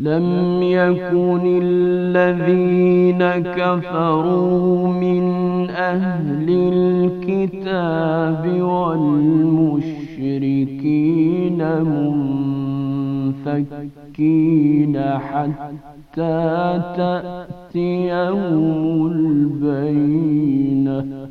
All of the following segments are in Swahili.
لم يكن الذين كفروا من أهل الكتاب والمشركين منفكين حتى تأتيهم البينة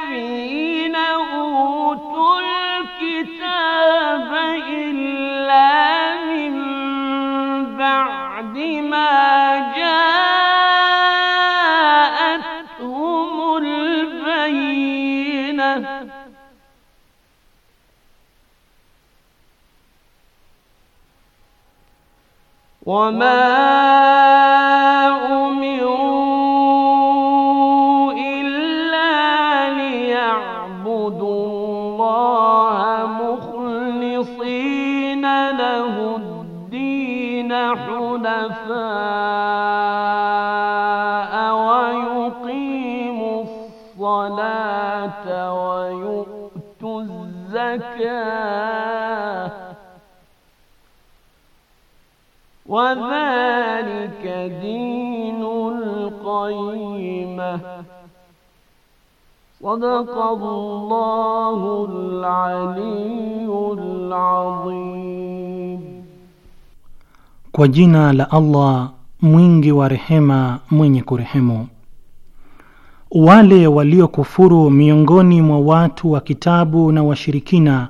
وما wadhalika dinul qayyima. Sadaqallahul aliyyul adhim. Kwa jina la Allah mwingi wa rehema mwenye kurehemu. Wale waliokufuru miongoni mwa watu wa kitabu na washirikina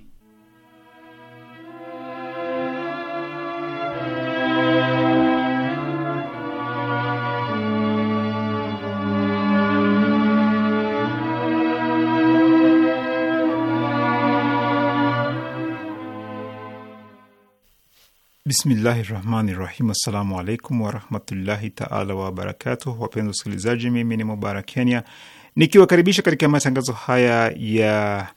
Bismillahi rahmani rahim. Assalamu alaikum warahmatullahi taala wabarakatuh. Wapenzi wasikilizaji, mimi ni Mubarak Kenya nikiwakaribisha katika matangazo haya ya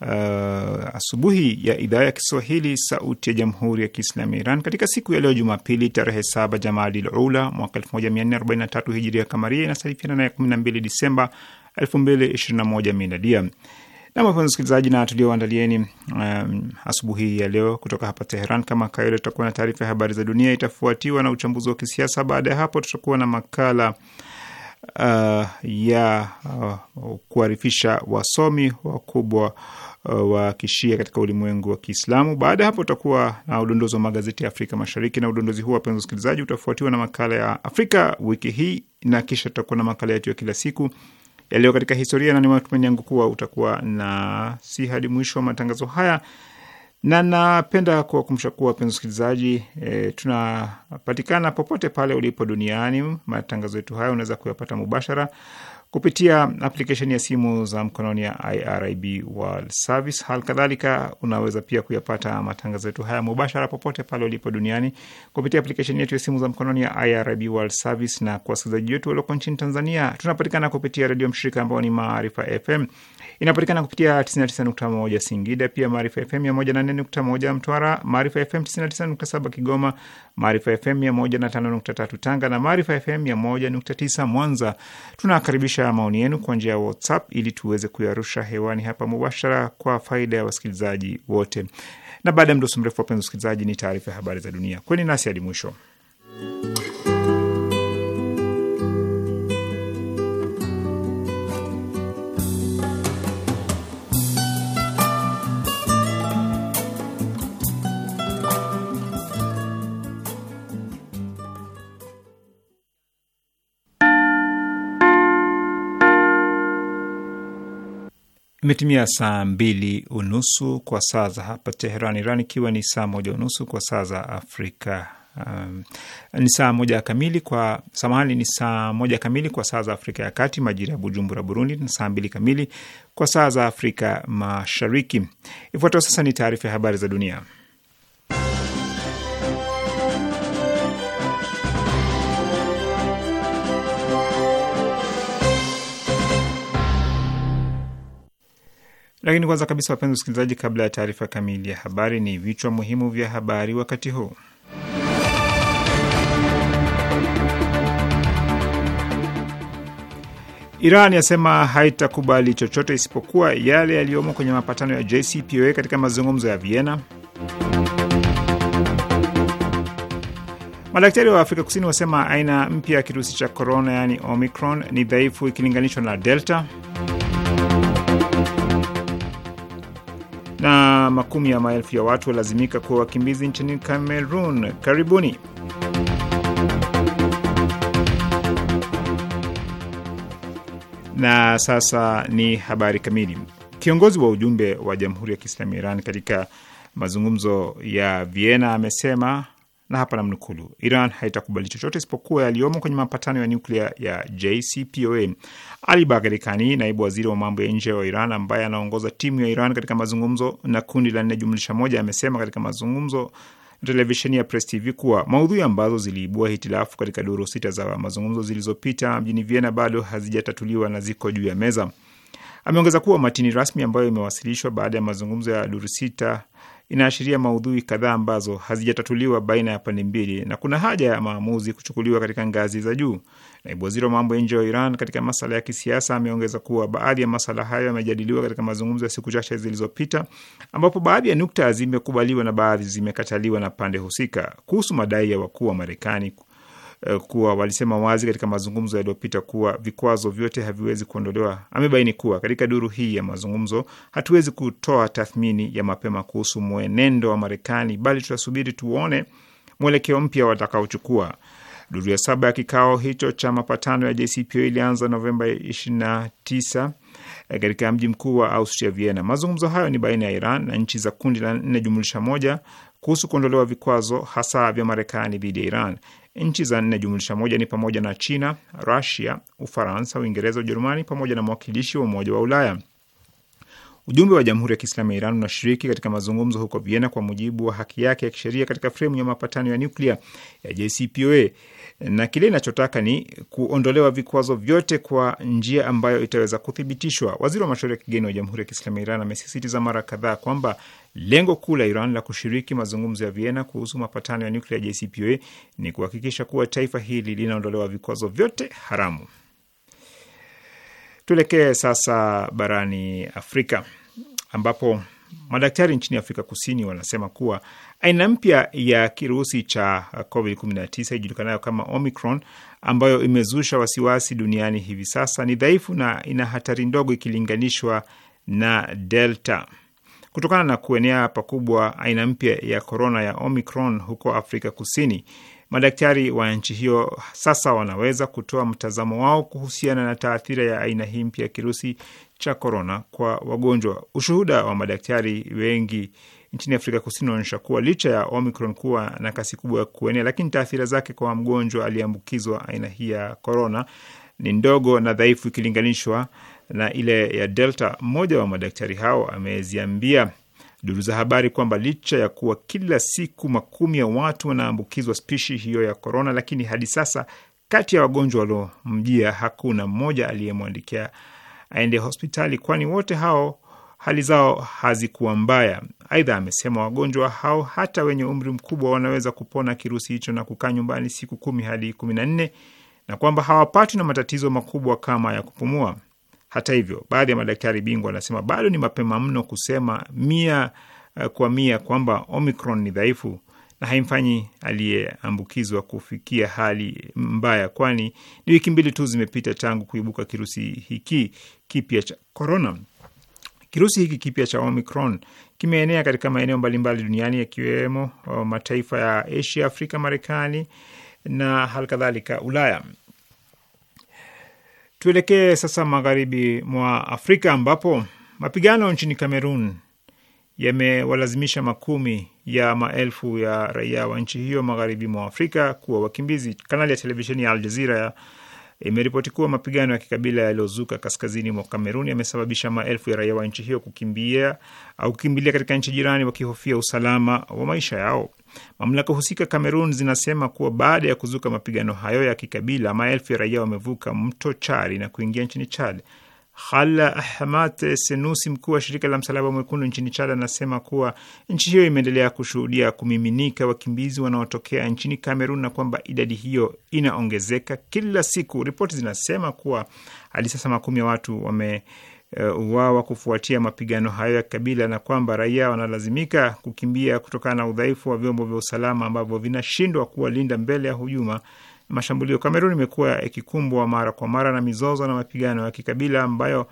uh, asubuhi ya idhaa ya Kiswahili sauti ya jamhuri ya Kiislamu ya Iran katika siku ya leo Jumapili tarehe saba Jamaadil Ula mwaka 1443 hijiria kamaria inasadifiana na ya 12 Disemba 2021 miladia. Nam wapenzi wasikilizaji, na tulioandalieni um, asubuhi ya leo kutoka hapa Teheran. Kama kawaida, tutakuwa na taarifa ya habari za dunia, itafuatiwa na uchambuzi wa kisiasa. Baada ya hapo, tutakuwa na makala uh, ya uh, kuarifisha wasomi wakubwa uh, wa kishia katika ulimwengu wa Kiislamu. Baada ya hapo, tutakuwa na udondozi wa magazeti ya Afrika Mashariki, na udondozi huu, wapenzi wasikilizaji, utafuatiwa na makala ya Afrika wiki hii, na kisha tutakuwa na makala yetu ya kila siku yaliyo katika historia, na ni matumaini yangu kuwa utakuwa na si hadi mwisho wa matangazo haya, na napenda kuwakumbusha kuwa, wapenzi wasikilizaji, e, tunapatikana popote pale ulipo duniani. Matangazo yetu haya unaweza kuyapata mubashara kupitia aplikesheni ya simu za mkononi ya IRIB World Service. Hali kadhalika unaweza pia kuyapata matangazo yetu haya mubashara popote pale ulipo duniani kupitia aplikesheni yetu ya simu za mkononi ya IRIB World Service, na kwa wasikilizaji wetu walioko nchini Tanzania tunapatikana kupitia redio mshirika ambao ni Maarifa FM, inapatikana kupitia 99.1 Singida, pia Maarifa FM 104.1 Mtwara, Maarifa FM 99.7 Kigoma, Maarifa FM 105.3 Tanga na Maarifa FM 101.9 Mwanza. Tunakaribisha kutujulisha maoni yenu kwa njia ya WhatsApp ili tuweze kuyarusha hewani hapa mubashara kwa faida ya wasikilizaji wote. Na baada ya mdoso mrefu, wapenzi wasikilizaji, ni taarifa ya habari za dunia. Kweni nasi hadi mwisho. Imetimia saa mbili unusu kwa saa za hapa Teheran, Iran, ikiwa ni saa moja unusu kwa saa za Afrika um, ni saa moja kamili kwa samahani, ni saa moja kamili kwa saa za Afrika ya Kati, majira ya Bujumbura, Burundi, na saa mbili kamili kwa saa za Afrika Mashariki. Ifuatayo sasa ni taarifa ya habari za dunia. Lakini kwanza kabisa, wapenzi wasikilizaji, kabla ya taarifa kamili ya habari, ni vichwa muhimu vya habari wakati huu. Iran yasema haitakubali chochote isipokuwa yale yaliyomo kwenye mapatano ya JCPOA katika mazungumzo ya Vienna. Madaktari wa Afrika Kusini wasema aina mpya ya kirusi cha korona, yaani Omicron, ni dhaifu ikilinganishwa na Delta. na makumi ya maelfu ya watu walazimika kuwa wakimbizi nchini Kamerun. Karibuni. Na sasa ni habari kamili. Kiongozi wa ujumbe wa Jamhuri ya Kiislamu ya Iran katika mazungumzo ya Vienna amesema na hapa namnukulu, Iran haitakubali chochote isipokuwa yaliyomo kwenye mapatano ya nyuklia ya JCPOA. Ali Bagherikani, naibu waziri wa mambo ya nje wa Iran ambaye anaongoza timu ya Iran katika mazungumzo na kundi la nne jumlisha moja, amesema katika mazungumzo televisheni ya Press TV kuwa maudhui ambazo ziliibua hitilafu katika duru sita za mazungumzo zilizopita mjini Vienna bado hazijatatuliwa na ziko juu ya meza. Ameongeza kuwa matini rasmi ambayo imewasilishwa baada ya mazungumzo ya duru sita inaashiria maudhui kadhaa ambazo hazijatatuliwa baina ya pande mbili na kuna haja ya maamuzi kuchukuliwa katika ngazi za juu. Naibu waziri wa mambo ya nje wa Iran katika masala ya kisiasa ameongeza kuwa baadhi ya masala hayo yamejadiliwa katika mazungumzo ya siku chache zilizopita, ambapo baadhi ya nukta zimekubaliwa na baadhi zimekataliwa na pande husika. Kuhusu madai ya wakuu wa Marekani Eh, kuwa walisema wazi katika mazungumzo yaliyopita kuwa vikwazo vyote haviwezi kuondolewa. Amebaini kuwa katika duru hii ya mazungumzo hatuwezi kutoa tathmini ya mapema kuhusu mwenendo wa Marekani, bali tutasubiri tuone mwelekeo mpya watakaochukua. Duru ya saba ya kikao hicho cha mapatano ya JCPOA ilianza Novemba 29 eh, katika mji mkuu wa Austria, Vienna. Mazungumzo hayo ni baina ya Iran na nchi za kundi la nne jumlisha moja kuhusu kuondolewa vikwazo hasa vya Marekani dhidi ya Iran. Nchi za nne jumlisha moja ni pamoja na China, Rusia, Ufaransa, Uingereza, Ujerumani pamoja na mwakilishi wa Umoja wa Ulaya. Ujumbe wa Jamhuri ya Kiislamu ya Iran unashiriki katika mazungumzo huko Vienna kwa mujibu wa haki yake ya kisheria katika fremu ya mapatano ya nuklia ya JCPOA na kile inachotaka ni kuondolewa vikwazo vyote kwa njia ambayo itaweza kuthibitishwa. Waziri wa mashauri ya kigeni wa Jamhuri ya Kiislamu ya Iran amesisitiza mara kadhaa kwamba lengo kuu la Iran la kushiriki mazungumzo ya Vienna kuhusu mapatano ya nuklia JCPOA ni kuhakikisha kuwa taifa hili linaondolewa vikwazo vyote haramu. Tuelekee sasa barani Afrika ambapo Madaktari nchini Afrika Kusini wanasema kuwa aina mpya ya kirusi cha COVID-19 ijulikanayo kama Omicron, ambayo imezusha wasiwasi duniani hivi sasa, ni dhaifu na ina hatari ndogo ikilinganishwa na Delta. Kutokana na kuenea pakubwa aina mpya ya korona ya Omicron huko Afrika Kusini, Madaktari wa nchi hiyo sasa wanaweza kutoa mtazamo wao kuhusiana na taathira ya aina hii mpya ya kirusi cha korona kwa wagonjwa. Ushuhuda wa madaktari wengi nchini Afrika Kusini unaonyesha kuwa licha ya Omicron kuwa na kasi kubwa ya kuenea, lakini taathira zake kwa mgonjwa aliyeambukizwa aina hii ya korona ni ndogo na dhaifu ikilinganishwa na ile ya Delta. Mmoja wa madaktari hao ameziambia duru za habari kwamba licha ya kuwa kila siku makumi ya watu wanaambukizwa spishi hiyo ya korona, lakini hadi sasa kati ya wagonjwa waliomjia hakuna mmoja aliyemwandikia aende hospitali, kwani wote hao hali zao hazikuwa mbaya. Aidha, amesema wagonjwa hao hata wenye umri mkubwa wanaweza kupona kirusi hicho na kukaa nyumbani siku kumi hadi kumi na nne na kwamba hawapatwi na matatizo makubwa kama ya kupumua. Hata hivyo, baadhi ya madaktari bingwa wanasema bado ni mapema mno kusema mia eh, kwa mia kwamba Omicron ni dhaifu na haimfanyi aliyeambukizwa kufikia hali mbaya, kwani ni wiki mbili tu zimepita tangu kuibuka kirusi hiki kipya cha korona. Kirusi hiki kipya cha Omicron kimeenea katika maeneo mbalimbali duniani yakiwemo oh, mataifa ya Asia, Afrika, Marekani na kadhalika Ulaya. Tuelekee sasa magharibi mwa Afrika ambapo mapigano nchini Kamerun yamewalazimisha makumi ya maelfu ya raia wa nchi hiyo magharibi mwa Afrika kuwa wakimbizi. Kanali ya televisheni ya Al Jazeera imeripoti kuwa mapigano ya kikabila yaliyozuka kaskazini mwa Kamerun yamesababisha maelfu ya raia wa nchi hiyo kukimbia au kukimbilia katika nchi jirani wakihofia usalama wa maisha yao. Mamlaka husika Kamerun zinasema kuwa baada ya kuzuka mapigano hayo ya kikabila, maelfu ya raia wamevuka mto Chari na kuingia nchini Chad. Hala Ahmad Senusi, mkuu wa shirika la Msalaba Mwekundu nchini Chad, anasema kuwa nchi hiyo imeendelea kushuhudia kumiminika wakimbizi wanaotokea nchini Kamerun na kwamba idadi hiyo inaongezeka kila siku. Ripoti zinasema kuwa hadi sasa makumi ya watu wame Eh, uawa kufuatia mapigano hayo ya kabila na kwamba raia wanalazimika kukimbia kutokana na udhaifu wa vyombo vya usalama ambavyo vinashindwa kuwalinda mbele ya hujuma mashambulio. Kamerun imekuwa ikikumbwa mara kwa mara na mizozo na mapigano ya kikabila ambayo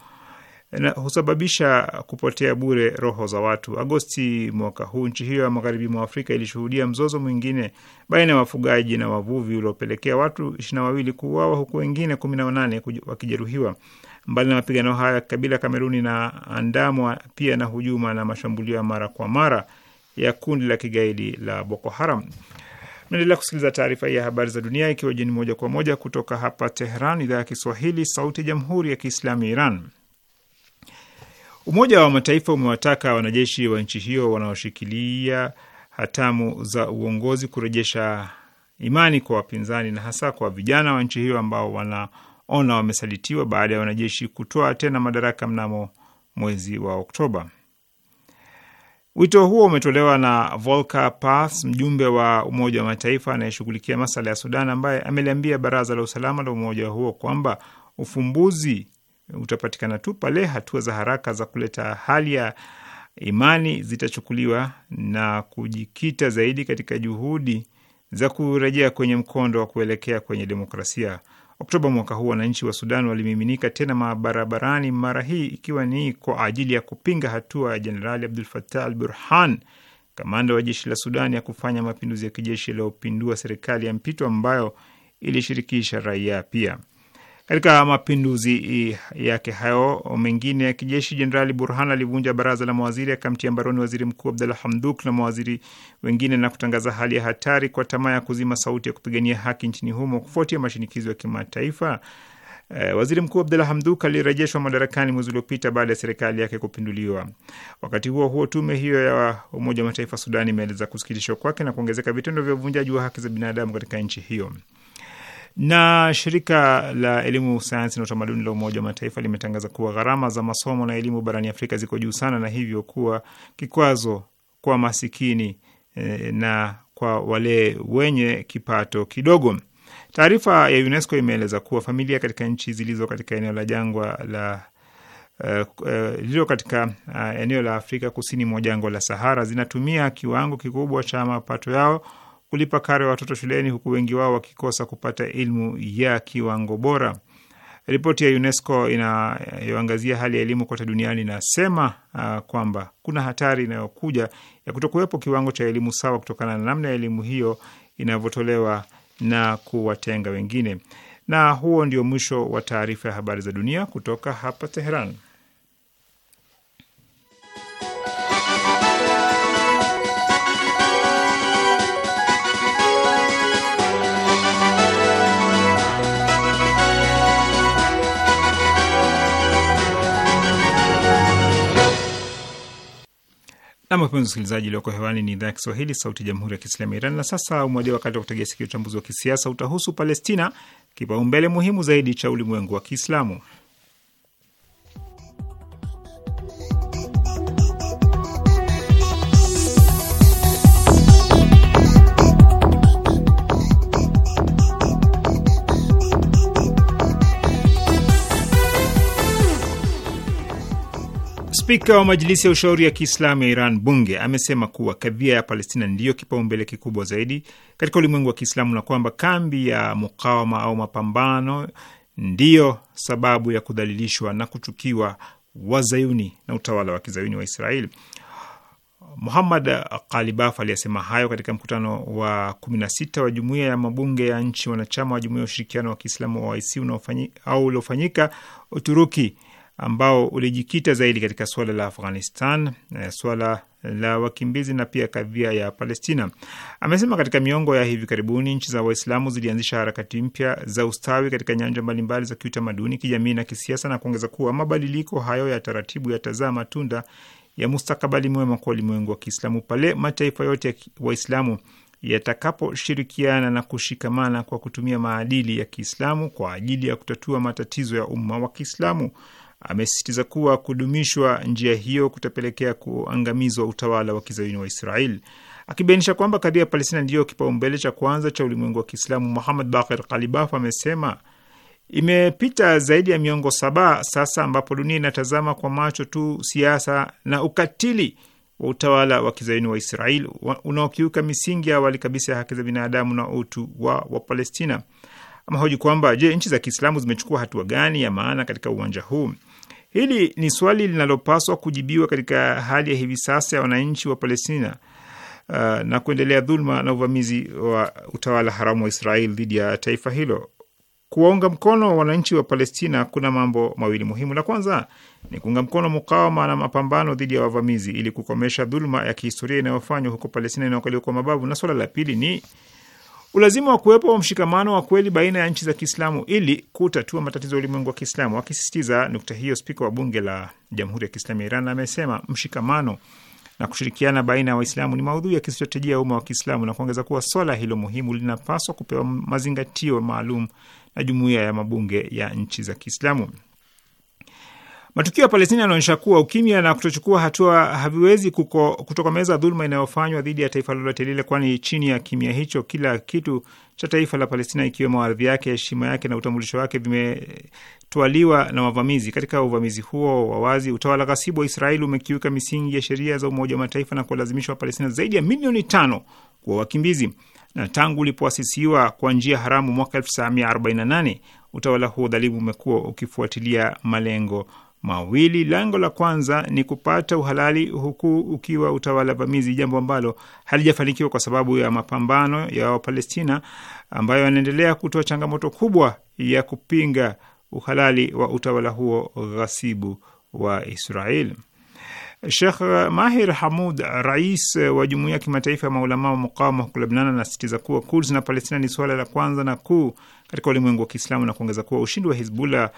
eh, na husababisha kupotea bure roho za watu. Agosti mwaka huu nchi hiyo ya magharibi mwa Afrika ilishuhudia mzozo mwingine baina ya wafugaji na wavuvi uliopelekea watu ishirini na wawili kuuawa huku wengine kumi na wanane wakijeruhiwa. Mbali na mapigano hayo ya kikabila, Kameruni na andamwa pia na hujuma na mashambulio ya mara kwa mara ya kundi la kigaidi la Boko Haram. Naendelea kusikiliza taarifa hii ya habari za dunia ikiwa jeni moja kwa moja kutoka hapa Tehran, idhaa ya Kiswahili, sauti ya jamhuri ya kiislamu ya Iran. Umoja wa Mataifa umewataka wanajeshi wa nchi hiyo wanaoshikilia hatamu za uongozi kurejesha imani kwa wapinzani na hasa kwa vijana wa nchi hiyo ambao wana ona wamesalitiwa baada ya wanajeshi kutoa tena madaraka mnamo mwezi wa Oktoba. Wito huo umetolewa na Volker Perthes, mjumbe wa Umoja wa Mataifa anayeshughulikia masala ya Sudan, ambaye ameliambia Baraza la Usalama la umoja huo kwamba ufumbuzi utapatikana tu pale hatua za haraka za kuleta hali ya imani zitachukuliwa na kujikita zaidi katika juhudi za kurejea kwenye mkondo wa kuelekea kwenye demokrasia. Oktoba mwaka huu wananchi wa Sudan walimiminika tena mabarabarani, mara hii ikiwa ni kwa ajili ya kupinga hatua ya Jenerali Abdul Fatah al Burhan, kamanda wa jeshi la Sudan, ya kufanya mapinduzi ya kijeshi yaliyopindua serikali ya mpito ambayo ilishirikisha raia pia. Katika mapinduzi yake hayo mengine ya kijeshi, Jenerali Burhan alivunja baraza la mawaziri, akamtia mbaroni waziri mkuu Abdalla Hamduk na mawaziri wengine na kutangaza hali ya hatari kwa tamaa ya kuzima sauti ya kupigania haki nchini humo kufuatia mashinikizo ya kimataifa. Eh, waziri mkuu Abdalla Hamduk alirejeshwa madarakani mwezi uliopita baada ya serikali yake kupinduliwa. Wakati huo huo, tume hiyo ya Umoja wa Mataifa Sudani imeeleza kusikitishwa kwake na kuongezeka vitendo vya uvunjaji wa haki za binadamu katika nchi hiyo. Na shirika la elimu, sayansi na utamaduni la Umoja wa Mataifa limetangaza kuwa gharama za masomo na elimu barani Afrika ziko juu sana na hivyo kuwa kikwazo kwa masikini eh, na kwa wale wenye kipato kidogo. Taarifa ya UNESCO imeeleza kuwa familia katika nchi zilizo katika eneo la jangwa la lililo eh, eh, uh, uh, katika uh, eneo la Afrika kusini mwa jangwa la Sahara zinatumia kiwango kikubwa cha mapato yao kulipa karo ya watoto shuleni, huku wengi wao wakikosa kupata elimu ya kiwango bora. Ripoti ya UNESCO inayoangazia hali ya elimu kote duniani inasema uh, kwamba kuna hatari inayokuja ya kutokuwepo kiwango cha elimu sawa kutokana na namna ya elimu hiyo inavyotolewa na kuwatenga wengine. Na huo ndio mwisho wa taarifa ya habari za dunia kutoka hapa Teheran. Nam, wapenzi msikilizaji, iliyoko hewani ni idhaa ya Kiswahili, sauti ya jamhuri ya kiislamu ya Iran. Na sasa umewadia wakati wa kutegea sikio. Uchambuzi wa kisiasa utahusu Palestina, kipaumbele muhimu zaidi cha ulimwengu wa Kiislamu. Spika wa Majilisi ya Ushauri ya Kiislamu ya Iran, bunge, amesema kuwa kadhia ya Palestina ndiyo kipaumbele kikubwa zaidi katika ulimwengu wa Kiislamu na kwamba kambi ya mukawama au mapambano ndiyo sababu ya kudhalilishwa na kuchukiwa wazayuni na utawala wa kizayuni wa Israeli. Muhammad Kalibaf aliyesema hayo katika mkutano wa sita wa jumuiya ya mabunge ya nchi wanachama wa jumuiya ya ushirikiano wa Kiislamu wa OIC au uliofanyika Uturuki ambao ulijikita zaidi katika suala la Afghanistan, eh, suala la wakimbizi na pia kadhia ya Palestina. Amesema katika miongo ya hivi karibuni nchi za Waislamu zilianzisha harakati mpya za ustawi katika nyanja mbalimbali za kiutamaduni, kijamii na kisiasa, na kuongeza kuwa mabadiliko hayo ya taratibu yatazaa matunda ya mustakabali mwema kwa ulimwengu wa Kiislamu pale mataifa yote ya Waislamu yatakaposhirikiana na kushikamana kwa kutumia maadili ya Kiislamu kwa ajili ya kutatua matatizo ya umma wa Kiislamu amesisitiza kuwa kudumishwa njia hiyo kutapelekea kuangamizwa utawala wa kizayuni wa Israel, akibainisha kwamba kadhia ya Palestina ndiyo kipaumbele cha kwanza cha ulimwengu wa Kiislamu. Muhamad Bakir Kalibaf amesema imepita zaidi ya miongo saba sasa ambapo dunia inatazama kwa macho tu siasa na ukatili wa utawala wa kizayuni wa Israel unaokiuka misingi ya awali kabisa ya haki za binadamu na utu wa Wapalestina. Amehoji kwamba je, nchi za Kiislamu zimechukua hatua gani ya maana katika uwanja huu? Hili ni swali linalopaswa kujibiwa katika hali ya hivi sasa ya wananchi wa Palestina uh, na kuendelea dhuluma na uvamizi wa utawala haramu wa Israeli dhidi ya taifa hilo. Kuwaunga mkono wananchi wa Palestina kuna mambo mawili muhimu. La kwanza ni kuunga mkono mukawama na mapambano dhidi ya wavamizi ili kukomesha dhuluma ya kihistoria inayofanywa huko Palestina inayokaliwa kwa mabavu, na suala la pili ni ulazima wa kuwepo wa mshikamano wa kweli baina ya nchi za Kiislamu ili kutatua matatizo ya ulimwengu wa Kiislamu. Akisisitiza nukta hiyo, spika wa bunge la Jamhuri ya Kiislamu ya Iran amesema mshikamano na kushirikiana baina ya Waislamu ni maudhui ya kistratejia ya umma wa Kiislamu na kuongeza kuwa swala hilo muhimu linapaswa kupewa mazingatio maalum na jumuiya ya mabunge ya nchi za Kiislamu. Matukio ya Palestina yanaonyesha kuwa ukimya na kutochukua hatua haviwezi kutokomeza dhuluma inayofanywa dhidi ya taifa lolote lile, kwani chini ya kimya hicho kila kitu cha taifa la Palestina, ikiwemo ardhi yake, heshima yake na utambulisho wake, vimetwaliwa na wavamizi. Katika uvamizi huo wa wazi, utawala ghasibu wa Israeli umekiuka misingi ya sheria za Umoja wa Mataifa na kuwalazimisha Wapalestina zaidi ya milioni tano kuwa wakimbizi na tangu ulipoasisiwa kwa njia haramu mwaka 1948 utawala huo dhalimu umekuwa ukifuatilia malengo mawili. Lengo la kwanza ni kupata uhalali huku ukiwa utawala vamizi, jambo ambalo halijafanikiwa kwa sababu ya mapambano ya Wapalestina ambayo yanaendelea kutoa changamoto kubwa ya kupinga uhalali wa utawala huo ghasibu wa Israel. Shekh Mahir Hamud, rais wa jumuiya ya kimataifa ya maulamaa wa mukawama huko Lebnan, anasisitiza kuwa Kuds na Palestina ni suala la kwanza na kuu katika ulimwengu wa Kiislamu na kuongeza kuwa ushindi wa Hizbullah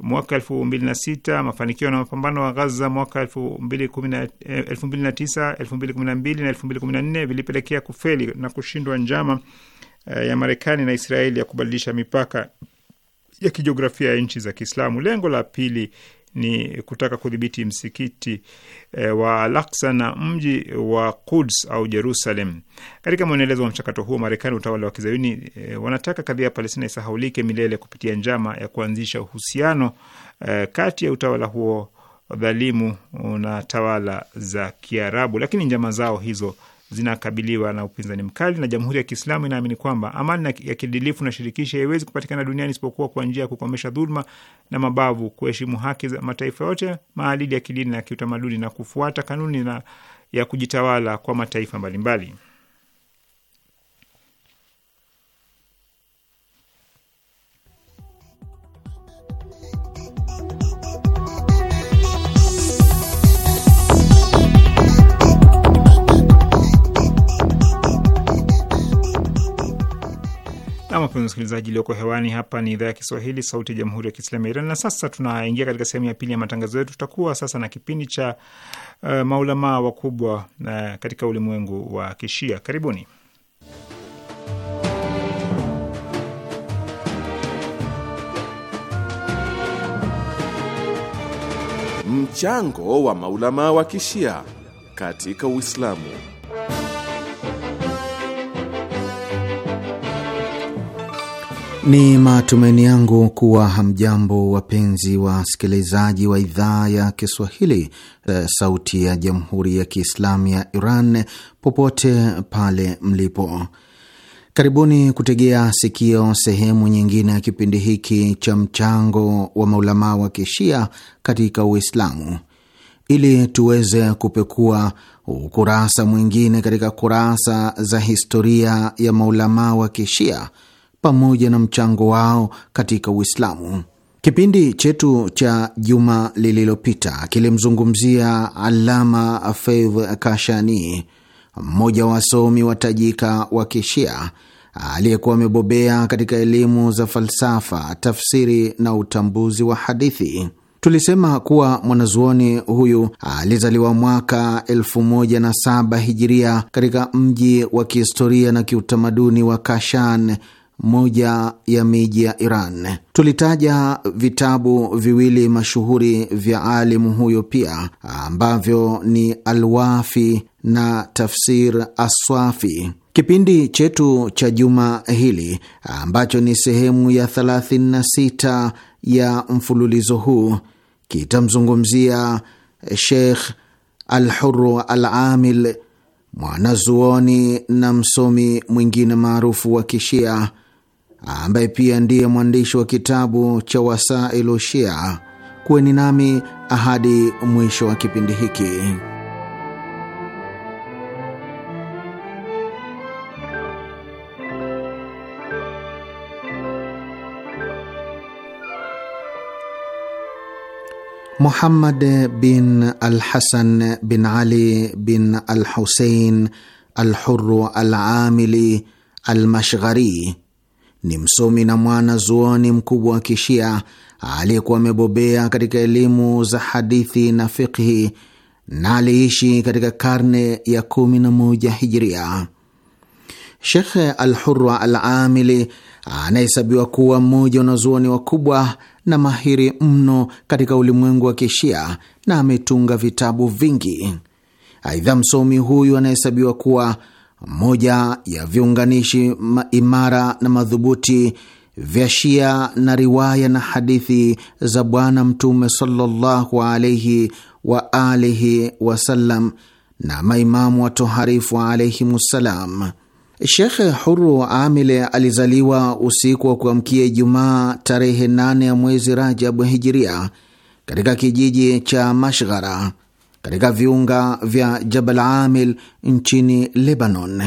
mwaka elfu mbili na sita, mafanikio na mapambano wa Gaza mwaka elfu mbili na tisa, elfu mbili kumi na mbili na elfu mbili kumi na nne vilipelekea kufeli na kushindwa njama eh, ya Marekani na Israeli ya kubadilisha mipaka ya kijiografia ya nchi za Kiislamu. Lengo la pili ni kutaka kudhibiti msikiti e, wa Al-Aqsa na mji wa Quds au Jerusalem. Katika mwendelezo wa mchakato huo, Marekani, utawala wa kizayuni e, wanataka kadhia ya Palestina isahaulike milele kupitia njama ya kuanzisha uhusiano e, kati ya utawala huo dhalimu na tawala za Kiarabu, lakini njama zao hizo zinakabiliwa na upinzani mkali, na Jamhuri ya Kiislamu inaamini kwamba amani ya kidilifu na shirikishi haiwezi kupatikana duniani isipokuwa kwa njia ya kukomesha dhuluma na mabavu, kuheshimu haki za mataifa yote, maadili ya kidini na kiutamaduni, na kufuata kanuni na ya kujitawala kwa mataifa mbalimbali mbali. Nam, wapenzi msikilizaji, iliyoko hewani hapa ni idhaa ya Kiswahili sauti ya jamhuri ya kiislamu ya Iran. Na sasa tunaingia katika sehemu ya pili ya matangazo yetu. Tutakuwa sasa na kipindi cha uh, eh, maulamaa wakubwa uh, katika ulimwengu wa Kishia. Karibuni. Mchango wa maulamaa wa Kishia katika Uislamu. Ni matumaini yangu kuwa hamjambo, wapenzi wa wasikilizaji wa idhaa ya Kiswahili, eh, sauti ya jamhuri ya kiislamu ya Iran, popote pale mlipo. Karibuni kutegea sikio sehemu nyingine ya kipindi hiki cha mchango wa maulamaa wa kishia katika Uislamu, ili tuweze kupekua ukurasa mwingine katika kurasa za historia ya maulamaa wa kishia pamoja na mchango wao katika Uislamu. Kipindi chetu cha juma lililopita kilimzungumzia Alama Faidh Kashani, mmoja wa wasomi tajika wa Kishia aliyekuwa amebobea katika elimu za falsafa, tafsiri na utambuzi wa hadithi. Tulisema kuwa mwanazuoni huyu alizaliwa mwaka 1007 hijiria katika mji wa kihistoria na kiutamaduni wa Kashan moja ya miji ya Iran. Tulitaja vitabu viwili mashuhuri vya alimu huyo pia ambavyo ni Alwafi na Tafsir Aswafi. Kipindi chetu cha juma hili ambacho ni sehemu ya 36 ya mfululizo huu kitamzungumzia Sheikh Alhuru Alamil, mwanazuoni na msomi mwingine maarufu wa Kishia ambaye pia ndiye mwandishi wa kitabu cha Wasailu Shia. Kuweni nami ahadi mwisho wa kipindi hiki. Muhammad bin Alhasan bin Ali bin Alhusein Alhuru Alamili Almashghari ni msomi na mwana zuoni mkubwa wa Kishia aliyekuwa amebobea katika elimu za hadithi na fikhi na aliishi katika karne ya kumi na moja hijiria. shekhe Alhurwa Al Amili anahesabiwa kuwa mmoja wanazuoni wakubwa na mahiri mno katika ulimwengu wa Kishia na ametunga vitabu vingi. Aidha, msomi huyu anahesabiwa kuwa moja ya viunganishi imara na madhubuti vya Shia na riwaya na hadithi za Bwana Mtume sallallahu alaihi wa alihi wasallam na maimamu watoharifu alaihimussalam. Shekhe Huru Amile alizaliwa usiku wa kuamkia Ijumaa tarehe 8 ya mwezi Rajabu hijiria katika kijiji cha Mashghara katika viunga vya Jabal Amil nchini Lebanon.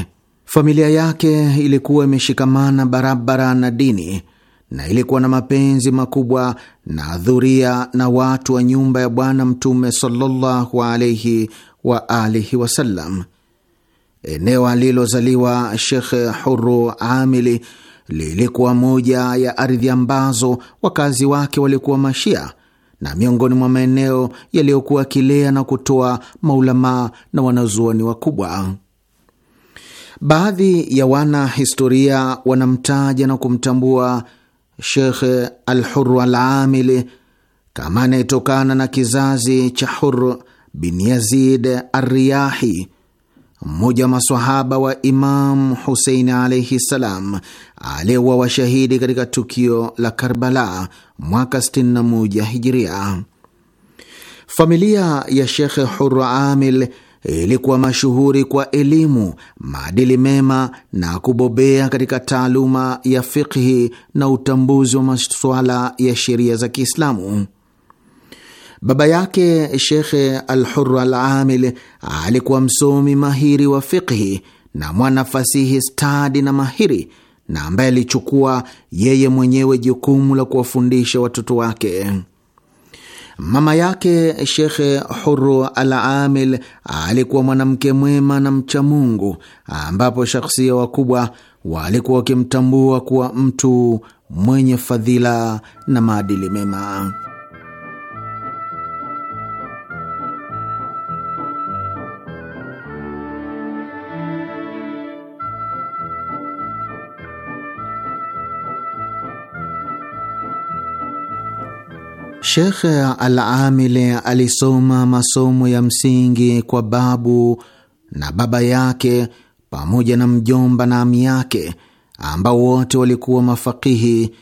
Familia yake ilikuwa imeshikamana barabara na dini na ilikuwa na mapenzi makubwa na dhuria na watu wa nyumba ya Bwana Mtume sallallahu alaihi wa alihi wasallam. Eneo alilozaliwa Shekh Huru Amili lilikuwa moja ya ardhi ambazo wakazi wake walikuwa Mashia na miongoni mwa maeneo yaliyokuwa akilea na kutoa maulamaa na wanazuoni wakubwa. Baadhi ya wana historia wanamtaja na kumtambua Shekh al Alamili kama anayetokana na kizazi cha Hur bin Yazid Arriyahi mmoja wa maswahaba wa imam Husein alaihi ssalam, aliyewa washahidi katika tukio la Karbala mwaka 61 Hijiria. Familia ya Shekhe Hurra Amil ilikuwa mashuhuri kwa elimu, maadili mema na kubobea katika taaluma ya fiqhi na utambuzi wa masuala ya sheria za Kiislamu. Baba yake Shekhe Alhuru Alamil alikuwa msomi mahiri wa fiqhi na mwanafasihi stadi na mahiri, na ambaye alichukua yeye mwenyewe jukumu la kuwafundisha watoto wake. Mama yake Shekhe Huru al Amil alikuwa mwanamke mwema na mcha Mungu, ambapo shakhsia wakubwa walikuwa wakimtambua kuwa mtu mwenye fadhila na maadili mema. Shekhe al alisoma masomo ya msingi kwa babu na baba yake pamoja na mjomba na ami yake ambao wote walikuwa mafakihi,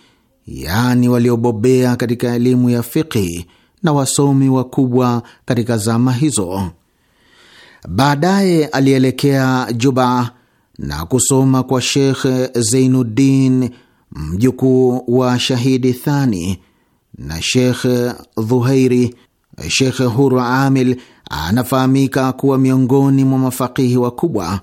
yaani waliobobea katika elimu ya fiqhi na wasomi wakubwa katika zama hizo. Baadaye alielekea Juba na kusoma kwa Shekh Zeinuddin, mjukuu wa Shahidi Thani na Shekh Dhuhairi. Shekh Huru Amil anafahamika kuwa miongoni mwa mafakihi wakubwa.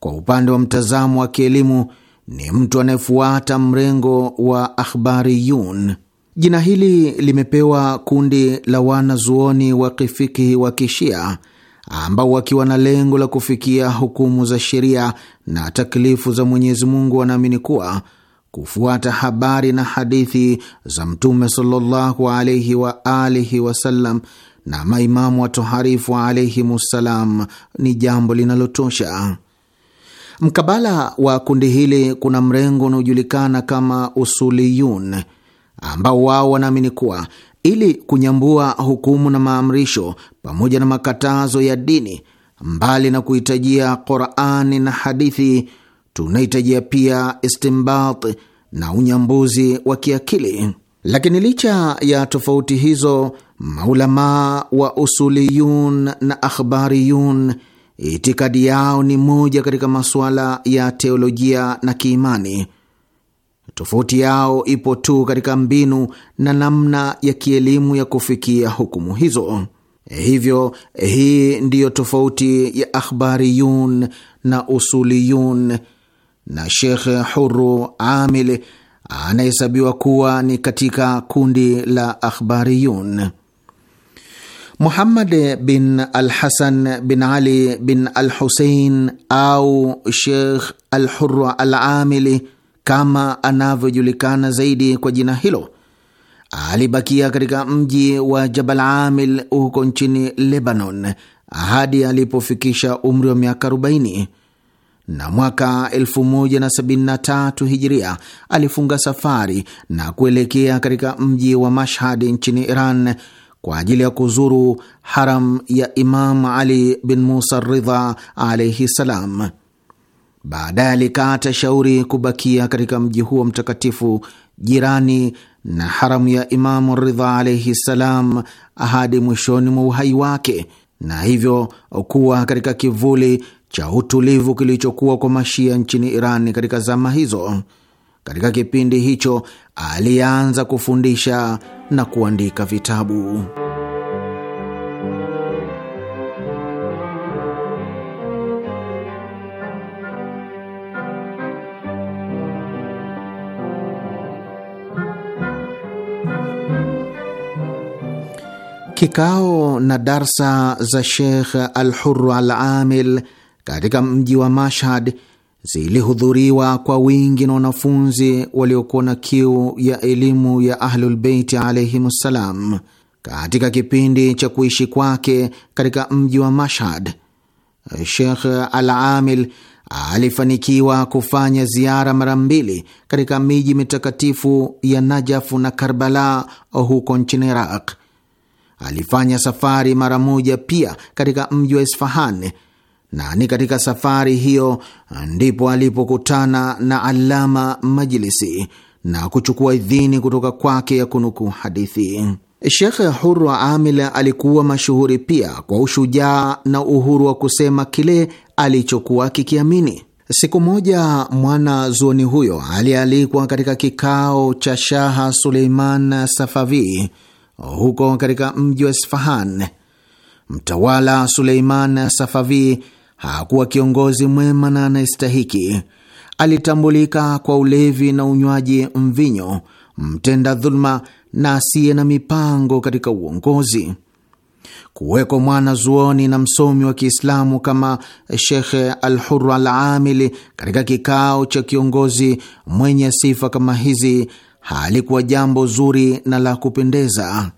Kwa upande wa mtazamo wa kielimu, ni mtu anayefuata mrengo wa akhbariyun. Jina hili limepewa kundi la wanazuoni wa kifiki wa Kishia ambao wakiwa na lengo la kufikia hukumu za sheria na taklifu za Mwenyezi Mungu wanaamini kuwa kufuata habari na hadithi za Mtume sallallahu alaihi wa alihi wasallam na maimamu watoharifu ssalam ni jambo linalotosha. Mkabala wa kundi hili kuna mrengo unaojulikana kama usuliyun, ambao wao wanaamini kuwa ili kunyambua hukumu na maamrisho pamoja na makatazo ya dini, mbali na kuhitajia Qurani na hadithi tunahitajia pia istimbat na unyambuzi wa kiakili. Lakini licha ya tofauti hizo, maulamaa wa usuliyun na akhbariyun itikadi yao ni moja katika masuala ya teolojia na kiimani. Tofauti yao ipo tu katika mbinu na namna ya kielimu ya kufikia hukumu hizo. Hivyo hii ndiyo tofauti ya akhbariyun na usuliyun na Shekh Huru Amil anahesabiwa kuwa ni katika kundi la Akhbariyun. Muhammad bin al Hasan bin Ali bin al Husein au Shekh al Huru al Amili kama anavyojulikana zaidi kwa jina hilo alibakia katika mji wa Jabal Amil huko nchini Lebanon hadi alipofikisha umri wa miaka 40 na mwaka 1073 hijiria alifunga safari na kuelekea katika mji wa Mashhad nchini Iran kwa ajili ya kuzuru haram ya Imam Ali bin Musa Ridha alaihi ssalam Baadaye alikata shauri kubakia katika mji huo mtakatifu jirani na haramu ya Imamu Ridha alaihi ssalam hadi mwishoni mwa uhai wake, na hivyo kuwa katika kivuli cha utulivu kilichokuwa kwa Mashia nchini Iran katika zama hizo. Katika kipindi hicho alianza kufundisha na kuandika vitabu. Kikao na darsa za Sheikh Alhuru Alamil katika mji wa Mashhad zilihudhuriwa kwa wingi na wanafunzi waliokuwa na kiu ya elimu ya Ahlulbeiti alaihimussalam. Katika kipindi cha kuishi kwake katika mji wa Mashhad, Shekh Al Amil alifanikiwa kufanya ziara mara mbili katika miji mitakatifu ya Najafu na Karbala huko nchini Iraq. Alifanya safari mara moja pia katika mji wa Isfahan na ni katika safari hiyo ndipo alipokutana na Alama Majlisi na kuchukua idhini kutoka kwake ya kunukuu hadithi. Shekhe Hurwa Amil alikuwa mashuhuri pia kwa ushujaa na uhuru wa kusema kile alichokuwa kikiamini. Siku moja mwana zuoni huyo alialikwa katika kikao cha Shaha Suleiman Safavi huko katika mji wa Isfahan. Mtawala Suleiman Safavi hakuwa kiongozi mwema na anayestahiki. Alitambulika kwa ulevi na unywaji mvinyo, mtenda dhuluma na asiye na mipango katika uongozi. Kuwekwa mwana zuoni na msomi wa Kiislamu kama Shekhe Alhuru Al Amili katika kikao cha kiongozi mwenye sifa kama hizi halikuwa jambo zuri na la kupendeza.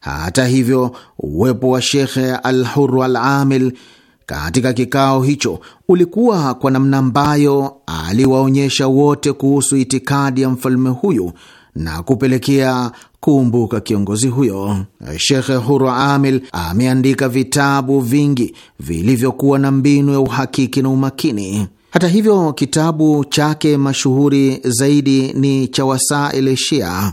Hata hivyo, uwepo wa Shekhe Alhuru Al Amil katika kikao hicho ulikuwa kwa namna ambayo aliwaonyesha wote kuhusu itikadi ya mfalme huyu na kupelekea kumbuka kiongozi huyo. Shekhe Huru Amil ameandika vitabu vingi vilivyokuwa na mbinu ya uhakiki na umakini. Hata hivyo, kitabu chake mashuhuri zaidi ni cha Wasail Shia.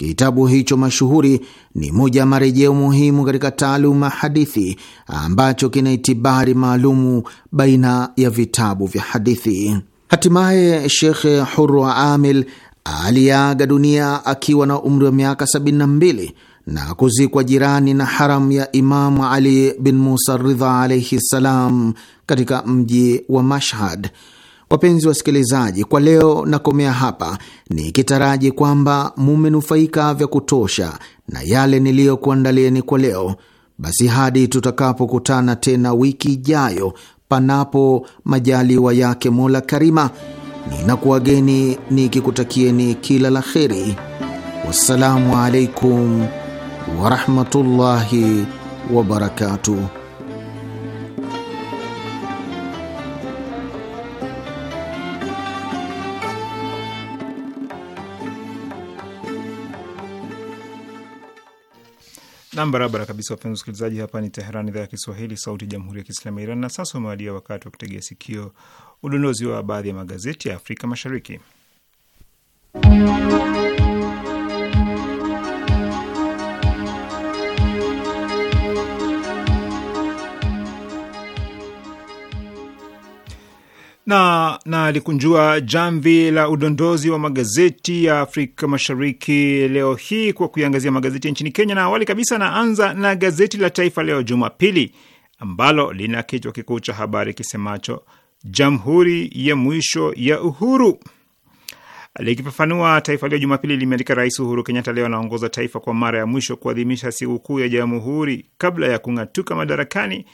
Kitabu hicho mashuhuri ni moja ya marejeo muhimu katika taaluma hadithi ambacho kina itibari maalumu baina ya vitabu vya hadithi. Hatimaye Shekhe Hurwa Amil aliyeaga dunia akiwa na umri wa miaka 72 na kuzikwa jirani na haram ya Imamu Ali bin Musa Ridha alaihi ssalam katika mji wa Mashhad. Wapenzi wasikilizaji, kwa leo nakomea hapa nikitaraji kwamba mumenufaika vya kutosha na yale niliyokuandalieni kwa leo. Basi hadi tutakapokutana tena wiki ijayo, panapo majaliwa yake Mola Karima, ninakuwageni nikikutakieni kila la kheri. Wassalamu alaikum warahmatullahi wabarakatuh. Nam, barabara kabisa, wapenzi wasikilizaji, hapa ni Teheran, idhaa ya Kiswahili, sauti ya jamhuri ya kiislami ya Iran. Na sasa umewadia wakati wa kutegea sikio udondozi wa baadhi ya magazeti ya Afrika Mashariki. na nalikunjua alikunjua jamvi la udondozi wa magazeti ya Afrika Mashariki leo hii kwa kuiangazia magazeti ya nchini Kenya, na awali kabisa naanza na gazeti la Taifa Leo Jumapili ambalo lina kichwa kikuu cha habari kisemacho Jamhuri ya mwisho ya uhuru. Likifafanua, Taifa Leo Jumapili limeandika Rais Uhuru Kenyatta leo anaongoza taifa kwa mara ya mwisho kuadhimisha sikukuu ya Jamhuri kabla ya kung'atuka madarakani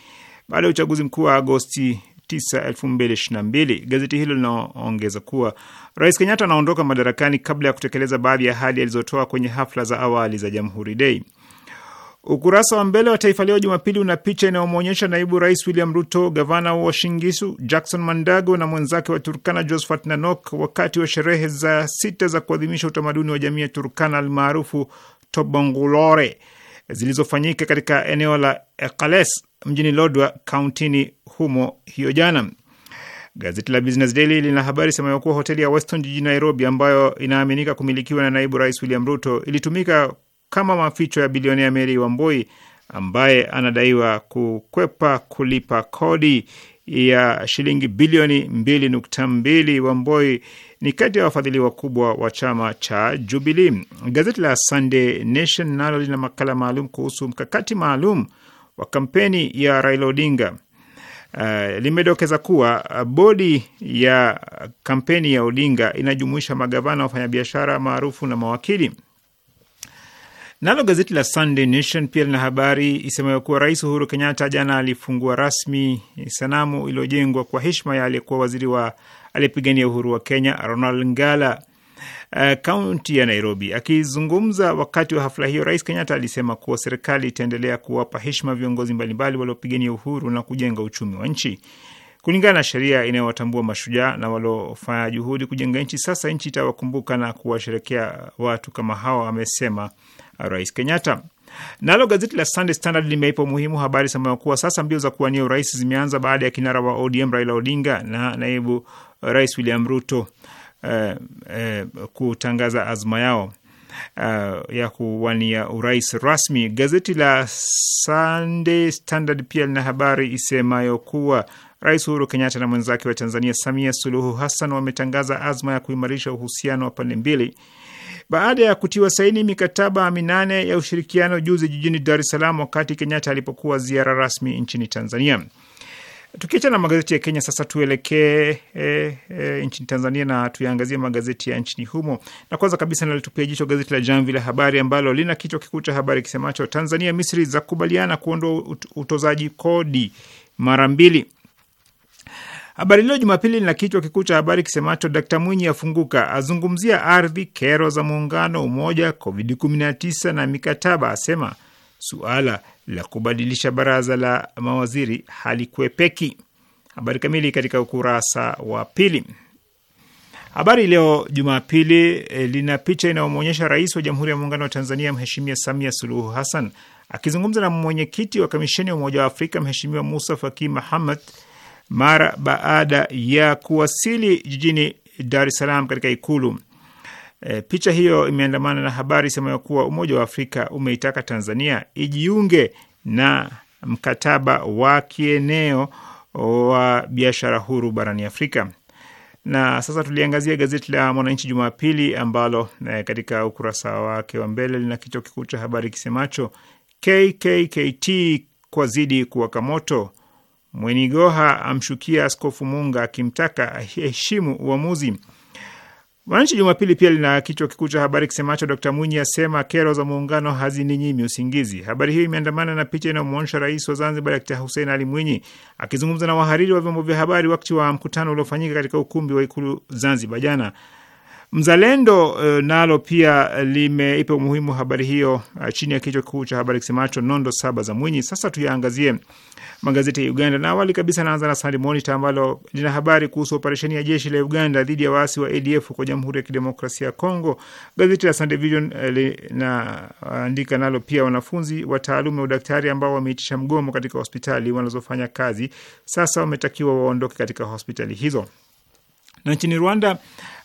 baada ya uchaguzi mkuu wa Agosti 9 2022. Gazeti hilo linaongeza kuwa Rais Kenyatta anaondoka madarakani kabla ya kutekeleza baadhi ya ahadi alizotoa kwenye hafla za awali za Jamhuri Day. Ukurasa wa mbele wa Taifa Leo Jumapili una picha inayomwonyesha naibu rais William Ruto, gavana wa Shingisu Jackson Mandago na mwenzake wa Turkana Josphat Nanok wakati wa sherehe za sita za kuadhimisha utamaduni wa jamii ya Turkana almaarufu Tobongulore zilizofanyika katika eneo la Ekales mjini Lodwa kauntini humo hiyo jana. Gazeti la Business Daily lina habari semayo kuwa hoteli ya Weston jijini Nairobi, ambayo inaaminika kumilikiwa na naibu rais William Ruto, ilitumika kama maficho ya bilionea Mary Wamboi ambaye anadaiwa kukwepa kulipa kodi ya shilingi bilioni 2.2. Wamboi ni kati ya wafadhili wakubwa wa chama cha Jubilee. Gazeti la Sunday Nation nalo lina makala maalum kuhusu mkakati maalum wa kampeni ya Raila Odinga uh, limedokeza kuwa uh, bodi ya kampeni ya Odinga inajumuisha magavana, wafanyabiashara maarufu na mawakili. Nalo gazeti la Sunday Nation pia lina habari isemayo kuwa Rais Uhuru Kenyatta jana alifungua rasmi sanamu iliyojengwa kwa heshima ya aliyekuwa waziri wa aliyepigania uhuru wa Kenya Ronald Ngala Eh, kaunti uh, ya Nairobi. Akizungumza wakati wa hafla hiyo, Rais Kenyatta alisema kuwa serikali itaendelea kuwapa heshima viongozi mbalimbali waliopigania uhuru na kujenga uchumi wa nchi kulingana na sheria inayowatambua mashujaa na waliofanya juhudi kujenga nchi. Sasa nchi itawakumbuka na kuwasherekea watu kama hawa, amesema Rais Kenyatta. Nalo gazeti la Sunday Standard limeipa umuhimu habari sema kuwa sasa mbio za kuwania urais zimeanza baada ya kinara wa ODM Raila Odinga na naibu rais William Ruto eh, eh, kutangaza azma yao Uh, ya kuwania urais rasmi. Gazeti la Sunday Standard pia lina habari isemayo kuwa Rais Uhuru Kenyatta na mwenzake wa Tanzania Samia Suluhu Hassan wametangaza azma ya kuimarisha uhusiano wa pande mbili baada ya kutiwa saini mikataba minane ya ushirikiano juzi jijini Dar es Salaam, wakati Kenyatta alipokuwa ziara rasmi nchini Tanzania. Tukiacha na magazeti ya Kenya sasa, tuelekee e, e, nchini Tanzania na tuyaangazie magazeti ya nchini humo, na kwanza kabisa nalitupia jicho gazeti la Jamvi la Habari ambalo lina kichwa kikuu cha habari kisemacho Tanzania Misri za kubaliana kuondoa utozaji kodi mara mbili. Habari Leo Jumapili lina kichwa kikuu cha habari kisemacho Dkt Mwinyi afunguka, azungumzia ardhi, kero za muungano, umoja, Covid 19 na mikataba, asema suala la kubadilisha baraza la mawaziri halikuepeki. Habari kamili katika ukurasa wa pili. Habari Leo Jumapili eh, lina picha inayomwonyesha rais wa Jamhuri ya Muungano wa Tanzania Mheshimiwa Samia Suluhu Hassan akizungumza na mwenyekiti wa Kamisheni ya Umoja wa Afrika Mheshimiwa Musa Faki Mahamad mara baada ya kuwasili jijini Dar es Salaam katika Ikulu E, picha hiyo imeandamana na habari semayo kuwa Umoja wa Afrika umeitaka Tanzania ijiunge na mkataba wa kieneo wa biashara huru barani Afrika. Na sasa tuliangazia gazeti la Mwananchi Jumapili ambalo e, katika ukurasa wake wa mbele lina kichwa kikuu cha habari kisemacho KKKT kwa zidi kuwaka moto, Mwenigoha amshukia Askofu Munga akimtaka aheshimu uamuzi Mwananchi Jumapili pia lina kichwa kikuu cha habari kisemacho Dr Mwinyi asema kero za muungano hazininyimi usingizi. Habari hiyo imeandamana na picha inayomwonyesha rais wa Zanzibar Dkt Hussein Ali Mwinyi akizungumza na wahariri wa vyombo vya habari wakati wa mkutano uliofanyika katika ukumbi wa Ikulu Zanzibar jana. Mzalendo uh, nalo pia limeipa umuhimu habari hiyo eh, chini ya kichwa kikuu cha habari kisemacho nondo saba za Mwinyi. Sasa tuyaangazie magazeti ya Uganda na awali kabisa naanza na Sunday Monitor ambalo lina habari kuhusu operesheni ya jeshi la Uganda dhidi ya waasi wa ADF kwa Jamhuri ya Kidemokrasia ya Kongo. Gazeti la Sunday Vision eh, linaandika nalo pia wanafunzi taaluma wa udaktari ambao wameitisha mgomo katika hospitali wanazofanya kazi sasa wametakiwa waondoke katika hospitali hizo. Na nchini Rwanda,